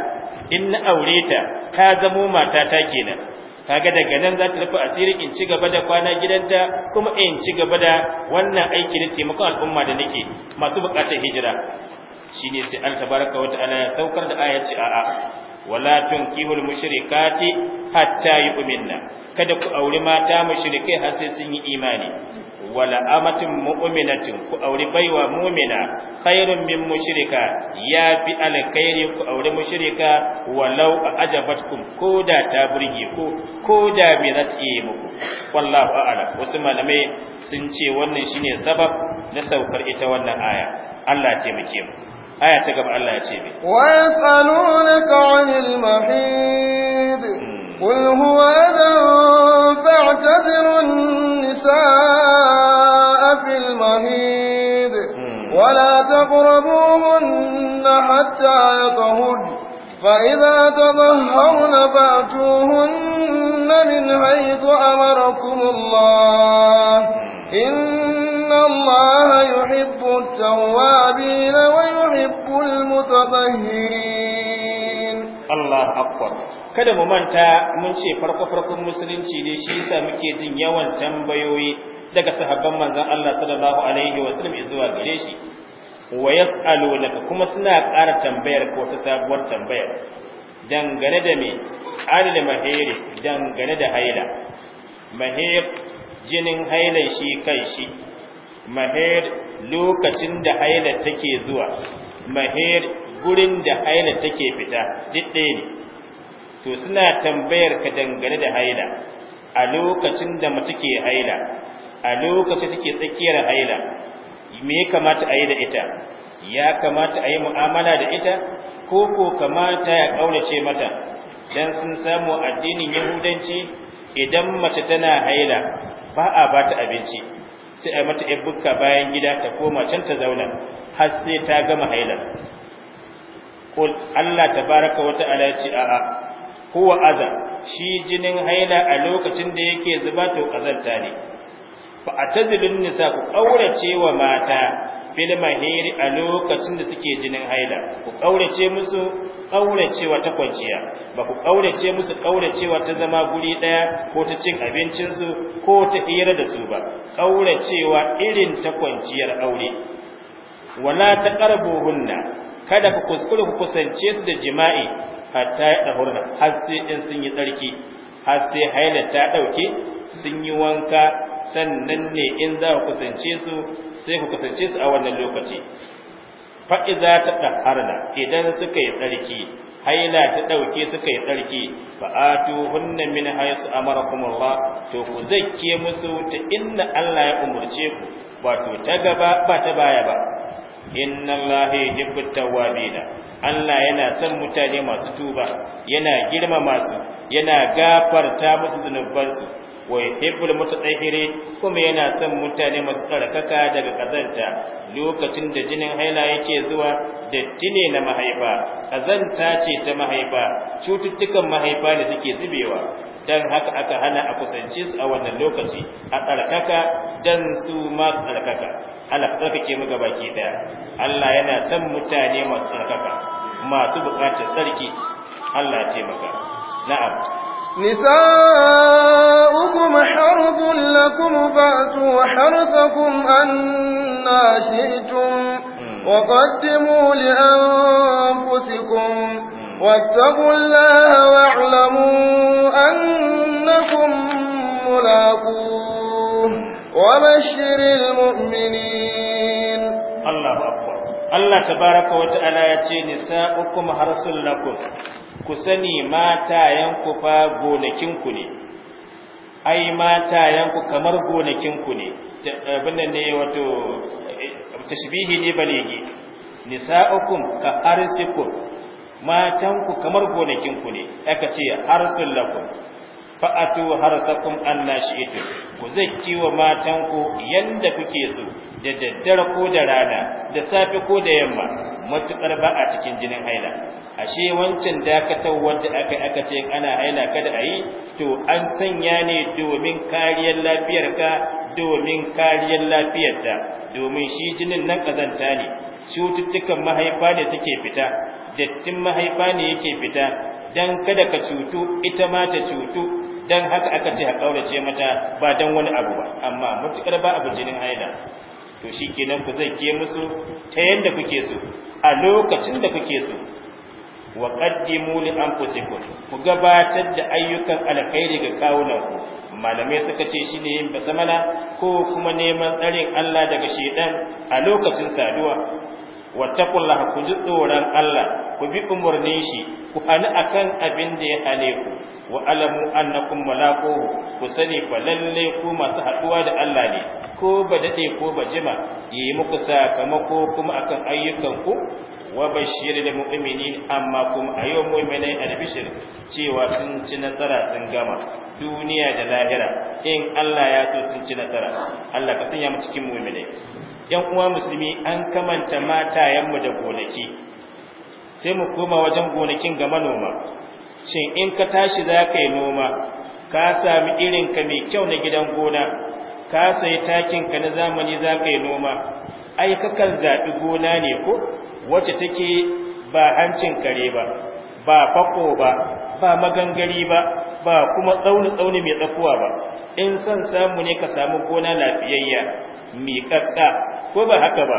in na aure ta ta zamo mata ta kenan kaga daga nan za ta rufe asiri in ci gaba da kwana gidanta kuma in ci gaba da wannan aiki na taimakon al'umma da nake masu bukatar hijira shine sai Allah tabaraka wa ta'ala ya saukar da ayaci a'a wala tunkihul mushrikati hatta yu'minna kada ku auri mata mushrikai har sai sun yi imani wala amatin mu'minatin ku auri baiwa mu'mina khairun min mushrika fi alkhairi ku auri mushrika walau ajabatkum koda ta burge ku koda da za muku wallahu a'lam wasu malamai sun ce wannan shine sabab na saukar ita wannan aya Allah taimake mu آية تجمع الله يتيبي ويسألونك عن المحيض قل هو أذى فاعتذروا النساء في المحيض ولا تقربوهن حتى يطهد فإذا تظهرن فأتوهن من حيث أمركم الله إن الله يحب التوابين ويحب المتطهرين الله أكبر kada mu manta mun ce farko farkon musulunci ne shi yasa muke jin yawan tambayoyi daga sahabban manzon Allah sallallahu alaihi wa sallam zuwa gare shi wa yas'alunaka kuma suna ƙara tambayar ko ta sabuwar tambaya dangane da me alil mahiri dangane da haila mahir jinin hailan shi kai shi mahir lokacin da haila take zuwa mahir gurin da haila take fita duk ɗaya ne to suna tambayar ka dangane da haila a lokacin da mace ke haila a lokacin da take tsakiyar haila me ya kamata a yi da ita ya kamata a yi mu'amala da ita ko ko kamata ya ƙaunace mata dan sun samu addinin yahudanci idan mace tana haila ba a ba abinci sai a mata ‘yan bukka bayan gida ta koma can ta zauna har sai ta gama hailar. Allah ta baraka wata ya ce a kowa aza, shi jinin haila a lokacin da yake zuba to ƙazanta ne. Ba a nisa ku ƙaurace wa mata fil mahiri a lokacin da suke jinin haila ku kaurace musu kauracewa ta kwanciya ba ku kaurace musu kauracewa ta zama guri daya ko ta cin abincinsu ko ta hira da su ba kauracewa irin ta kwanciyar aure wala ta taqrabuhunna kada ku kuskure ku kusance su da jima'i hatta ya dahurna har sai in sun yi tsarki har sai haila ta dauke sun yi wanka sannan ne in za ku kusance su sai ku kusance su a wannan lokaci fa iza ta daharna idan suka yi tsarki haila ta ɗauke suka yi tsarki fa atu hunna min haisu amarakum Allah to ku zakke musu ta inna Allah ya umurce ku wato ta gaba ba ta baya ba inna Allah yuhibbu tawwabina Allah yana son mutane masu tuba yana girma masu yana gafarta musu zunubansu Wai wa yuhibbul mutatahhirin kuma yana son mutane masu tsarkaka daga kazanta lokacin da jinin haila yake zuwa datti ne na mahaifa kazanta ce ta mahaifa cututtukan mahaifa ne suke zubewa dan haka aka hana a kusance su a wannan lokaci a tsarkaka dan su ma tsarkaka Allah ke muka baki daya Allah yana son mutane masu tsarkaka masu bukatar sarki Allah ya taimaka na'am نساؤكم حرب لكم فأتوا حرثكم أنا شئتم وقدموا لأنفسكم واتقوا الله واعلموا أنكم ملاقوه وبشر المؤمنين الله أكبر الله تبارك وتعالى يتي نساؤكم حرس لكم ku sani matayenku fa gonakinku ne ai matayenku kamar gonakinku ne abin nan ne wato tashbihi ne ne nisa'ukum ka harsikum matanku kamar gonakinku ne aka ce arsul lakum fa'atu harsakum shi ita, ku zaki wa matanku yanda kuke so da daddare ko da rana da safe ko da yamma matuƙar ba a cikin jinin haila ashe wancan dakatar da aka aka ce ana haila kada a yi to an sanya ne domin kariyar lafiyarka domin kariyar lafiyarta domin shi jinin nan kazanta ne cututtukan mahaifa ne suke fita dattin mahaifa ne yake fita dan kada ka cutu ita ma ta cutu dan haka aka ce a kaurace mata ba dan wani abu ba amma mutukar ba abu jinin haila to shikenan ku zai ke musu ta yanda kuke so a lokacin da kuke so wa qaddimu li anfusikum ku gabatar da ayyukan alkhairi ga kawunanku malamai suka ce shine yin basamala ko kuma neman tsarin Allah daga shedan a lokacin saduwa wattaqullaha ku ji tsoron Allah ku bi umurnin shi ku hani akan abin da ya hane ku wa alamu annakum malaquhu ku sani fa lalle ku masu haɗuwa da Allah ne ko ba daɗe ko ba jima yi muku sakamako kuma akan ayyukan ku wa bashir da mu'minin amma kuma ayo mu'minai albishir cewa sun ci nasara sun gama duniya da lahira in Allah ya so sun ci nasara Allah ka tunya mu cikin mu'minai yan uwa musulmi an kamanta matayen mu da gonaki sai mu koma wajen gonakin ga manoma shin in ka tashi za ka yi noma ka sami irin ka mai kyau na gidan gona ka sayi takinka na zamani za ka yi noma ai kakan zaɓi gona ne ko wacce take ba hancin kare ba ba fako ba ba magangari ba ba kuma tsauni-tsauni mai tsakuwa ba in son samu ne ka samu gona lafiyayya kaɗa? ko ba haka ba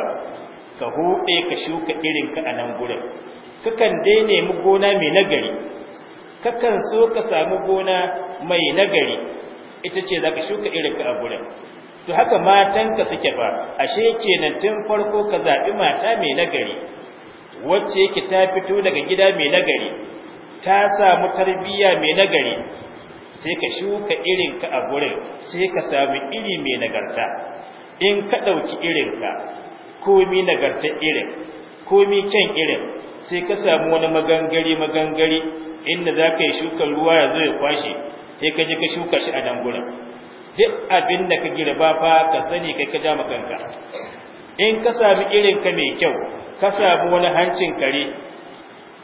ka huɗe ka shuka irinka a nan gurin kakan dai nemi gona mai nagari kakan so ka samu gona mai nagari ita ce za ka shuka irinka a gurin to haka matanka suke ba ashe kenan tun farko ka zaɓi mata mai nagari wacce yake ta fito daga gida mai nagari ta samu tarbiyya mai nagari sai ka shuka irinka a gurin sai ka samu iri mai nagarta in ka ɗauki irinka komi nagartar irin komi kyan irin sai ka samu wani magangare magangare inda za ka yi shuka ruwa ya zo ya kwashe sai ka je ka shuka shi a nan gurin duk abin da ka girba fa ka sani kai ka ja kanka in ka sami irin ka mai kyau ka samu wani hancin kare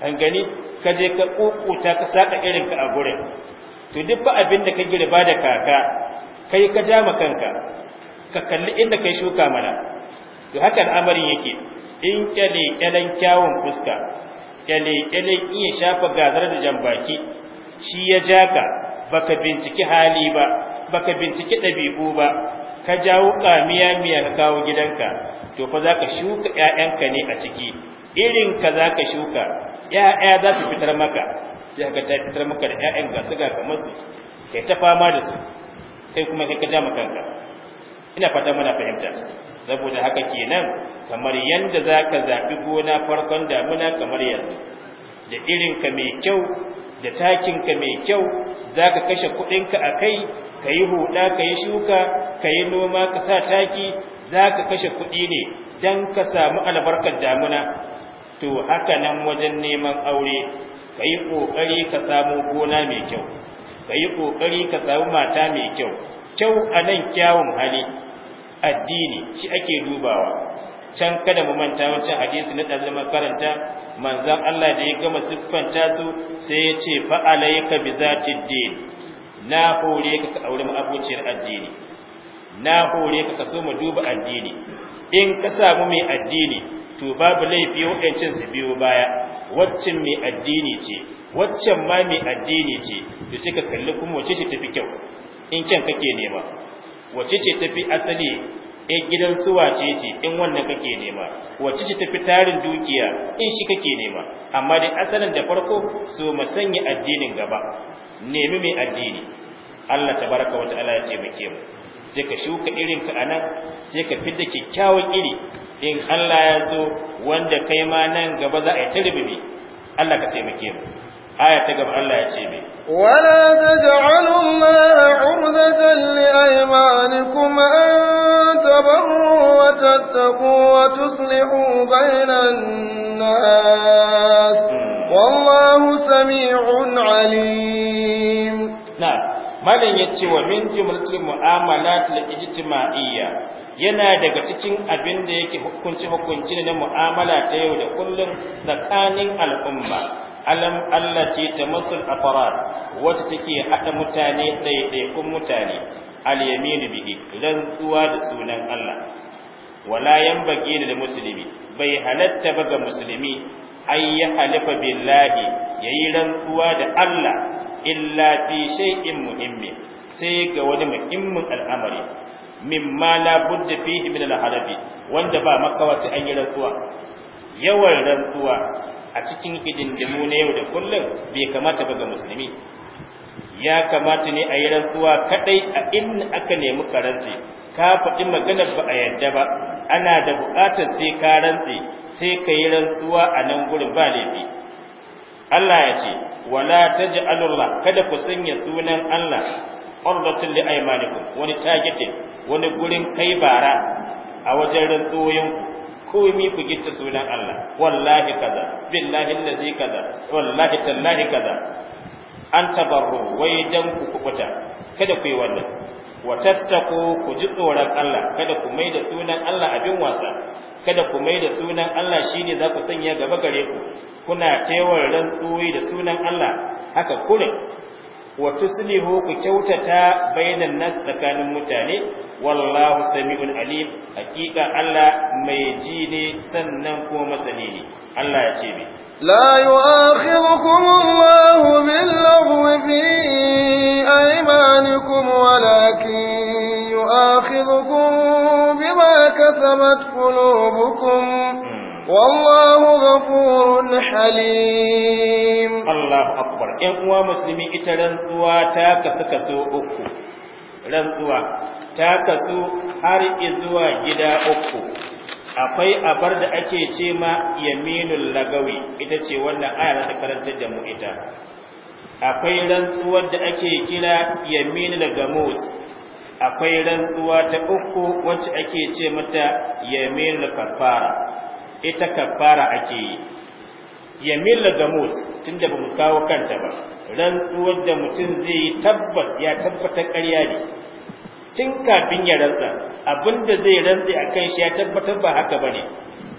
an gani ka je ka kokuta ka saka irin ka a gurin to duk ba abin da ka girba da kaka kai ka ja kanka ka kalli inda kai shuka mana to haka al'amarin yake in kyale-kyalen kyawun fuska kyale-kyalen iya shafa gazar da jambaki shi ya jaka baka binciki hali ba baka binciki ɗabi'u ba ka jawo ƙamiya miya ka kawo gidanka to fa za ka shuka ‘ya'yanka ne a ciki irin ka za ka shuka ‘ya'ya za su fitar maka sai ka ta fitar maka da ‘ya'yan ga suga ga kai ta fama da su kai kuma kai ka ja kanka ina fata muna fahimta saboda haka kenan kamar yanda ka zaɓi gona farkon damuna kamar yanzu da irinka mai kyau da takinka mai kyau zaka kashe kuɗinka akai kayi huda kayi shuka kayi noma ka sa taki zaka kashe kuɗi ne dan ka samu albarkar damuna to haka nan wajen neman aure kayi kokari ka samu gona mai kyau kayi kokari ka samu mata mai kyau kyau a nan kyawun hali addini shi ake dubawa can kada mu manta wancan hadisi na ɗan makaranta, karanta manzan Allah da ya gama siffanta su sai ya ce alayka bi zati din na hore ka ka aure ma'abuciyar addini na hore ka ka so mu duba addini in ka samu mai addini to babu laifi wa'ancin su biyo baya waccan mai addini ce waccan ma mai addini ce to sai ka kalli kuma wacce ce tafi kyau in kyan kake nema wace ce tafi asali in gidan su wace ce in wannan kake nema wace ce tafi tarin dukiya in shi kake nema amma dai asalin da farko so ma sanya addinin gaba nemi mai addini Allah tabaraka wa ta'ala ya taimake mu sai ka shuka irin ka anan sai ka fidda kyakkyawan iri in Allah ya so wanda kai ma nan gaba za a yi tarbibi Allah ka taimake mu aya ta gaba Allah ya ce mai wala taj'alu Allah 'urdatan li aymanikum an tabarru wa tattaqu wa tuslihu bainan nas hmm. wallahu sami'un 'alim na malam yace wa min jumlatil mu'amalat al-ijtima'iyya yana daga cikin abin da yake hukunci hukunci na mu'amala ta yau da kullum tsakanin al'umma alam Allah ce ta masul afarar wacce take haɗa mutane ɗaiɗaikun mutane alyaminu bihi rantsuwa da sunan Allah wala yambage da musulmi bai halatta ba ga musulmi ai ya halifa billahi yayi rantsuwa da Allah illa fi shay'in muhimmi sai ga wani muhimmin al'amari mimma la budda fihi min al-harabi wanda ba makawa sai an yi rantsuwa yawan rantsuwa a cikin idindimu na yau da kullum bai kamata ba ga musulmi ya kamata ne a yi rantsuwa kadai a inda aka nemi karanti, ka faɗi maganar ba a yadda ba ana da buƙatar sai ka rantse sai ka yi rantsuwa a nan gurin ba laifi Allah ya ce wala taj'alullah kada ku sanya sunan Allah urdatul li aymanikum wani targeting wani gurin kai bara a wajen rantsoyinku komi ku gitta sunan Allah wallahi kaza billahi allazi kaza wallahi tallahi kaza an tabarru wai dan ku kubuta kada ku yi wannan wa tattaku ku ji tsoron Allah kada ku mai da sunan Allah abin wasa kada ku mai da sunan Allah shine za ku sanya gaba gare ku kuna tewar rantsuwi da sunan Allah haka kure wa tuslihu ku kyautata bainan nan tsakanin mutane wallahu sami'un alim hakika Allah mai ji ne sannan kuma masani ne Allah ya ce mai لا يؤاخذكم الله باللغو في أيمانكم ولكن يؤاخذكم بما كسبت قلوبكم والله غفور حليم الله ita إن هو مسلمي kasu uku, rantsuwa ta kasu har izuwa gida uku, akwai abar da ake ce ma yaminul lagawi ita ce wannan aya da karanta da mu ita akwai rantsuwar da ake kira yaminul gamus akwai rantsuwa ta uku wacce ake ce mata yaminul kafara ita kafara ake yi da gamus tunda ba mu kawo kanta ba rantsuwar da mutum zai yi tabbas ya tabbatar ƙarya ne tun kafin ya rantsa abinda zai rantsa a kan shi ya tabbatar ba haka bane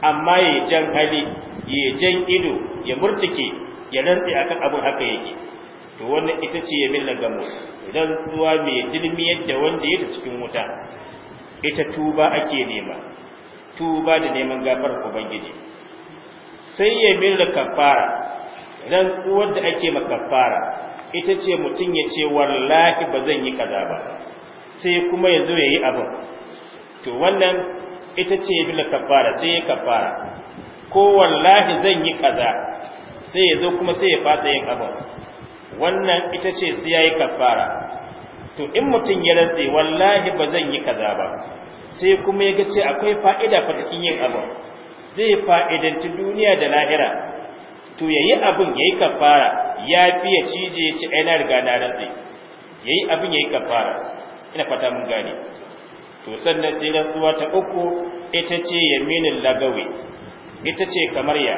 amma ya jan hali ya jan ido ya murtike ya rantsa akan abin haka yake to wannan ita ce da gamus rantsuwa mai dilmi yadda wanda yake cikin wuta ita tuba ake nema tuba da neman gafar ubangiji sai ya mil da kafara don kuwar da ake ma kafara ita ce mutum ya ce wallahi ba zan yi kaza ba sai kuma ya zo ya yi abin to wannan ita ce ya da kafara sai ya kafara ko wallahi zan yi kaza sai ya zo kuma sai ya fasa yin abin wannan ita ce sai ya yi kafara to in mutum ya rantse wallahi ba zan yi kaza ba sai kuma ya gace akwai fa'ida fatakin yin abu zai fa'idanci duniya da lahira to ya yi abin yayi kafara ya fi ya cije ya ci ai na riga na rantsi yi abin ya ka kafara ina fata mun gane to sannan sai rantsuwa ta uku ita ce yaminin lagawi ita ce kamar ya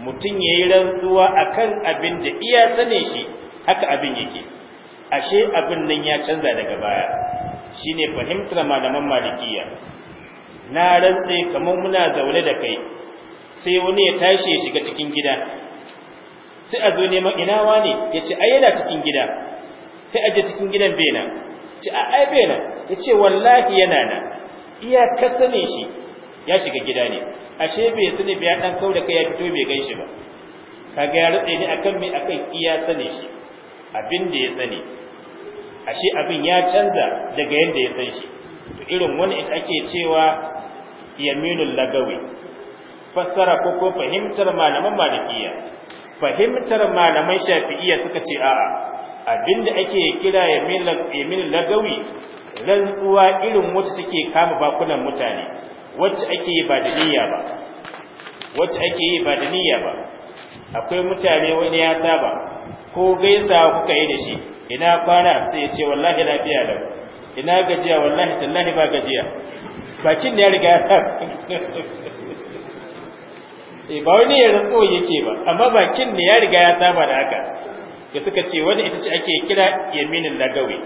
mutum ya yayi rantsuwa kan abin da iya sane shi haka abin yake ashe abin nan ya canza daga baya Shi ne fahimtar malaman malikiya na rantse kamar muna zaune da kai sai wani ya tashi ya shiga cikin gida sai a zo neman ina wane ya ce ai yana cikin gida sai a je cikin gidan bena ce a ai bena ya ce wallahi yana nan iya ka shi ya shiga gida ne ashe bai sani bai dan kau da kai ya fito bai gan shi ba kaga ya rutse ni akan mai akan iya sani shi abin da ya sani ashe abin ya canza daga yadda ya san shi to irin wani ita ake cewa yaminul lagawi fassara ko ko fahimtar malaman malikiya fahimtar malaman shafi'iyya suka ce a'a abinda ake kira yaminul lagawi rantsuwa irin wacce take kama bakunan mutane wacce ake yi ba da niyya ba wacce ake yi ba da ba akwai mutane wani ya saba ko gaisa kuka yi da shi ina kwana sai ya ce wallahi lafiya da ina gajiya wallahi tallahi ba gajiya bakin ne ya riga ya sa eh ba wani ya rinko yake ba amma bakin ne ya riga ya saba da haka da suka ce wani ita ce ake kira yaminin lagawi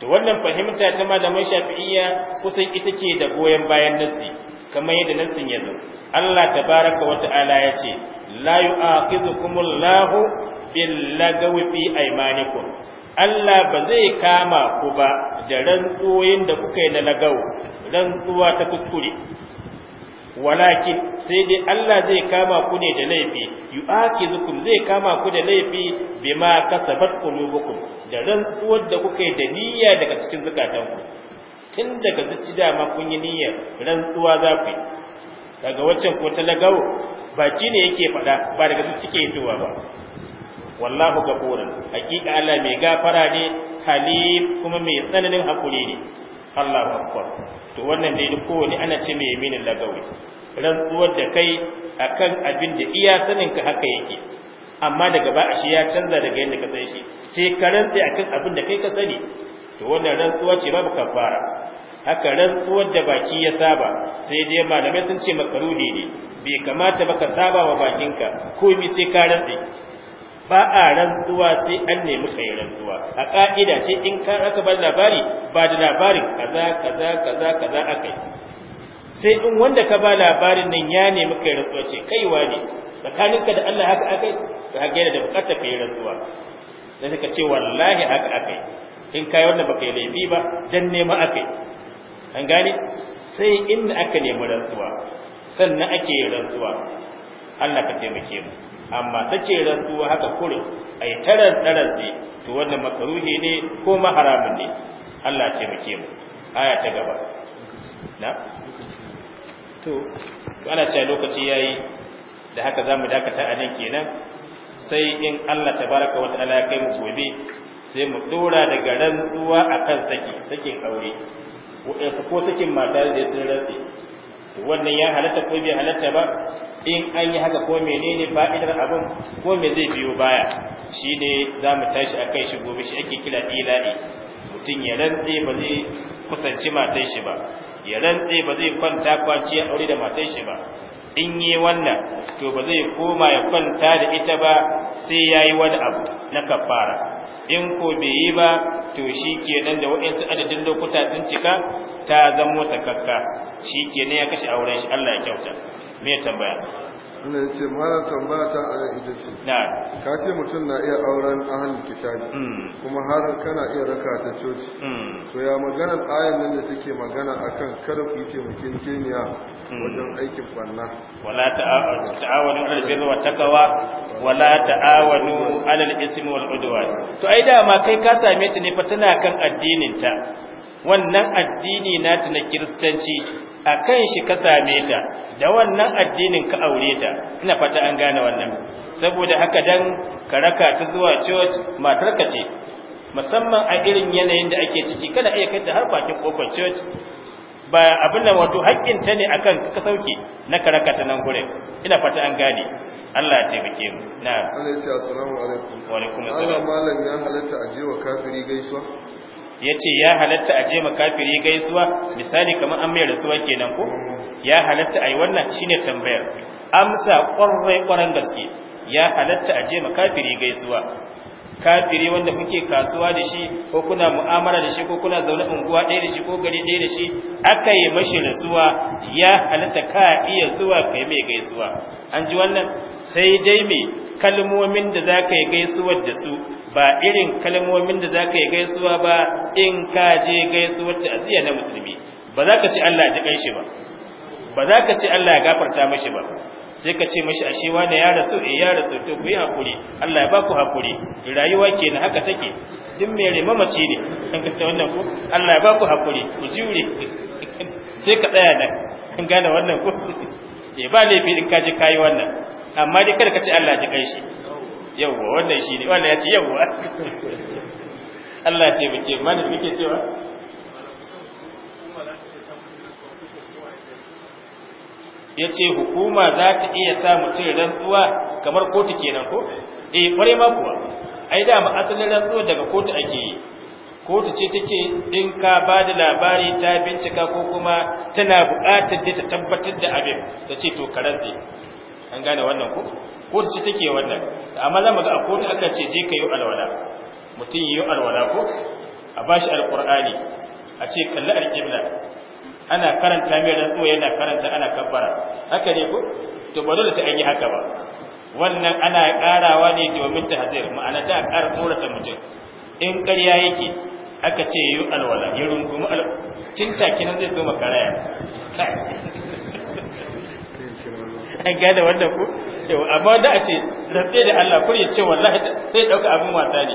to wannan fahimta ta malaman shafi'iyya kusan ita ce da goyen bayan nassi kamar yadda nassin ya zo Allah tabaraka wa ta'ala ya ce la yu'akhidhukumullahu bil lagawi fi aymanikum Allah ba zai kama ku ba da rantsuwoyin da kuka yi na lagau rantsuwa ta kuskure walakin sai dai Allah zai kama ku ne da laifi yu'akizukum zai kama ku da laifi ma kasabat qulubukum da rantsuwar da kuka yi da niyya daga cikin zukatanku tun daga zuci dama kun yi niyyar rantsuwa za ku yi daga waccan ko ta lagau baki ne yake faɗa ba daga zuci ke fitowa ba wallahu gafurun hakika Allah mai gafara ne halim kuma mai tsananin hakuri ne Allahu akbar to wannan dai duk kowane ana ce mai yaminin lagawi rantsuwar da kai akan abin da iya sanin ka haka yake amma daga ba shi ya canza daga yadda ka san shi sai ka rantsi akan abin da kai ka sani to wannan rantsuwa ce babu kafara haka rantsuwar da baki ya saba sai dai malamai sun ce makaruhi ne bai kamata ba ka saba wa bakinka komai sai ka rantsi ba a rantsuwa sai an nemi kai rantsuwa a ka'ida ce in ka aka bar labari ba da labarin kaza kaza kaza kaza aka yi sai in wanda ka ba labarin nan ya nemi kai rantsuwa ce kaiwa ne tsakaninka da Allah haka aka yi to ga yana da bukatar kai rantsuwa sai ka ce wallahi haka aka yi in kai wannan baka yi laifi ba dan nema aka yi an gane sai in aka nemi rantsuwa sannan ake rantsuwa Allah ka taimake mu amma ce rantsuwa haka kurin a yi tarar ɗararse to wannan makaruhi ne ko maharamin ne Allah ce muke mu haya ta gaba na to ana cewa lokaci ya yi da haka za mu dakata a nan kenan sai in Allah ta wata ala ya kai mu gobe sai mu dora daga rantsuwa akan saki sakin aure ko sakin mata da ya sun rantsi to wannan ya halatta ko bai halatta ba in an yi haka ko menene fa'idar abin ko me zai biyo baya shi ne za mu tashi a kai shi gobe shi ake kira ila'i mutum ya rantse ba zai kusanci matan shi ba ya rantse ba zai kwanta ya aure da matan shi ba in yi wannan to ba zai koma ya kwanta da ita ba sai ya yi wani abu na kafara in ko bai yi ba to shi ke nan da waɗansu adadin lokuta sun cika ta zamo sakakka shi kenan ya kashe auren shi Allah ya kyauta me tambaya Ina ce mara Tambaya ta nan ita ce, ka ce mutum na iya auren ahalin kitabi, hmm. kuma har kana iya raka ta coci. Hmm. To ya magana ayan nan da take magana a kan kada ku yi ce mukin keniya hmm. wajen aikin banna. Wala ta'awanu alal birri wa takawa, wala ta'awanu alal ismi wal udwan. To ai da ma kai ka same ta ne fa tana kan addinin ta. Wannan addini na ta na kiristanci a kan shi ka same ta da wannan addinin ka aure ta ina fata an gane wannan saboda haka dan ka raka ta zuwa church matar ka ce musamman a irin yanayin da ake ciki kana iya kai ta har bakin kofar church ba abin nan wato haƙƙin ta ne akan ka sauke na raka ta nan gurin ina fata an gane Allah ya taimake mu na Allah ya ce assalamu alaikum wa alaikum assalam Allah malam ya halatta aje wa kafiri gaisuwa Ya ce ya halatta a je makafiri gaisuwa misali kamar an mai rasuwa kenan ko ya halatta ai wannan shine tambayar amsa ƙwarai gaske ya halatta a je makafiri gaisuwa kafiri wanda kuke kasuwa da shi ko kuna mu'amala da shi ko kuna zaune unguwa ɗaya da shi ko gari ɗaya da shi aka yi mashi rasuwa ya halatta ka iya zuwa ka yi mai gaisuwa an ji wannan sai dai me kalmomin da za ka yi gaisuwar da su ba irin kalmomin da zaka yi gaisuwa ba in ka je gaisuwar aziya na musulmi ba za ka ce Allah ya kai shi ba ba za ka ce Allah ya gafarta mashi ba sai ka ce mashi ashe wani ya rasu eh ya rasu to ku yi hakuri Allah ya baku hakuri rayuwa kenan haka take duk mai remamaci ne kan ka ta wannan ku Allah ya baku hakuri ku jure sai ka tsaya nan kan gane wannan ku eh ba laifi in ka je kai wannan amma dai kada ka ce Allah ya kai shi yawwa wannan shi ne wannan ya ce yawwa Allah ya taimake mana muke cewa ya ce hukuma za ta iya sa mutum rantsuwa kamar kotu kenan ko eh kware ma kuwa ai da ma asalin rantsuwa daga kotu ake yi kotu ce take in ka ba da labari ta bincika ko kuma tana buƙatar da ta tabbatar da abin ta ce to karanta an gane wannan ko kotu ce take wannan amma za mu ga a kotu aka ce je ka yi alwala mutum yi alwala ko a bashi alqur'ani a ce kalli alqibla ana karanta mai rantsuwa yana karanta ana kabbara haka ne ko to ba dole sai an yi haka ba wannan ana karawa ne domin ta hazir ma'ana da ƙara tsorata mutum in ƙarya yake aka ce yi alwala ya rungumi al tun take nan zai zo makaraya an gane wannan ko cewa amma da a ce rafe da Allah kuri ya ce wallahi sai dauka abin wasa ne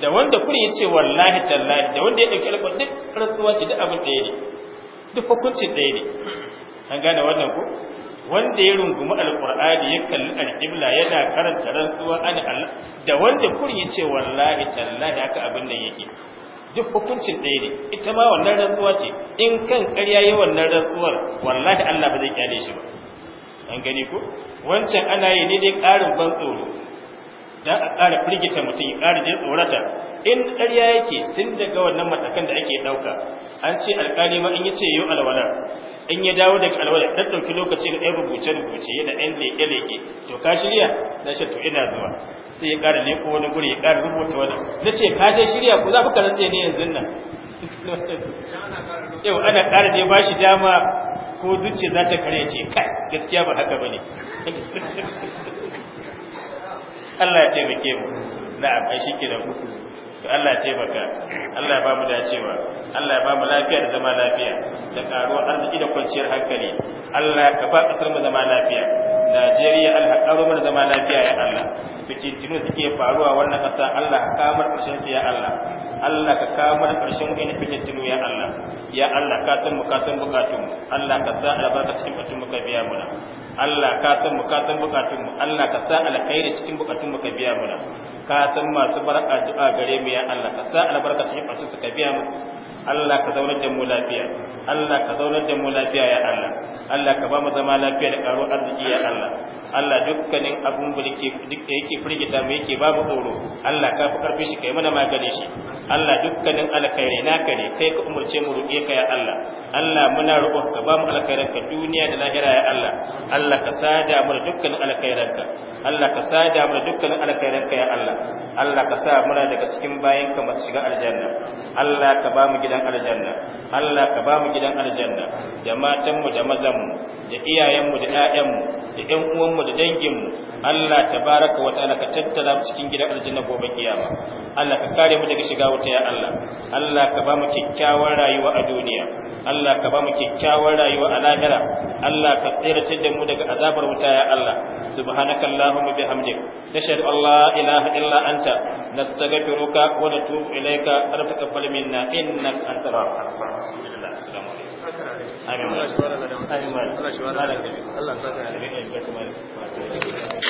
da wanda kuri ya ce wallahi tallahi da wanda ya dauki alƙawari duk rantsuwa ce duk abin ɗaya ne duk hukunci ɗaya ne an gane wannan ko wanda ya rungumi alƙur'ani ya kalli alƙibla yana karanta rantsuwa an Allah da wanda kuri ya ce wallahi tallahi haka abin nan yake duk hukuncin ɗaya ne ita ma wannan rantsuwa ce in kan ƙarya yi wannan rantsuwar wallahi Allah ba zai kyale shi ba an gani ko wancan ana yi ne dai ƙarin ban tsoro dan a ƙara firgita mutum ya ƙara jin tsorata in ƙarya yake tun daga wannan matakan da ake ɗauka an ce alƙali ma in ya ce yau alwala in ya dawo daga alwala dan ɗauki lokaci da ɗan rubuce rubuce da ɗan leke leke to ka shirya na shi to ina zuwa sai ya ƙara leko wani guri ya ƙara rubuta wani na ce ka je shirya ko za ku karanta ne yanzu nan yau ana ƙara ne ba shi dama ko ce za ta kare ce kai gaskiya ba haka bane Allah ya taimake mu na'am ai shi kenan uku to Allah ya taimaka Allah ya ba mu dacewa Allah ya ba mu lafiya da zama lafiya da karuwar arziki da kwanciyar hankali Allah ya kafa kasar mu zama lafiya Najeriya Allah karo mu zama lafiya ya Allah fitintinu suke faruwa wannan kasa Allah kamar karshen su ya Allah Allah ka kawo mana ƙarshen wani fitintinu ya Allah ya Allah ka san mu ka san bukatun mu Allah ka sa albarka cikin bukatun mu ka biya muna Allah ka san mu ka san bukatun mu Allah ka sa alkhairi cikin bukatun mu ka biya muna ka san masu barka du'a gare mu ya Allah ka sa albarka cikin bukatun su ka biya musu Allah ka zaunar da mu lafiya Allah ka zaunar da mu lafiya ya Allah Allah ka ba mu zama lafiya da karo arziki ya Allah Allah dukkanin abun da yake duk da yake firgita mu yake babu tsoro Allah ka fi karfi shi kai mana magane shi Allah dukkanin alkhairi naka ne kai ka umarce mu ruƙe ka ya Allah Allah muna roƙon ka ba mu alkhairan ka duniya da lahira ya Allah Allah ka sada mu dukkanin alkhairan ka Allah ka sada mu dukkanin alkhairan ka ya Allah Allah ka sa muna daga cikin bayan ka mu shiga aljanna Allah ka ba mu gidan aljanna Allah ka ba mu gidan aljanna da matan mu da mazan mu da iyayen mu da ƴaƴan mu da ƴan uwan mu da dangin mu Allah tabaraka wa ta'ala ka tattara mu cikin gidan aljanna gobe kiyama Allah ka kare mu daga shiga wuta ya Allah Allah ka ba mu kyakkyawar rayuwa a duniya Allah ka ba mu kyakkyawar rayuwa a lahira Allah ka tsirace da mu daga azabar wuta ya Allah subhanaka allahumma bihamdik nashhadu an la ilaha illa anta nastaghfiruka wa natubu ilayka taqabbal minna innaka antal rahman assalamu alaikum amin Allah shi wa Allah Allah Allah Allah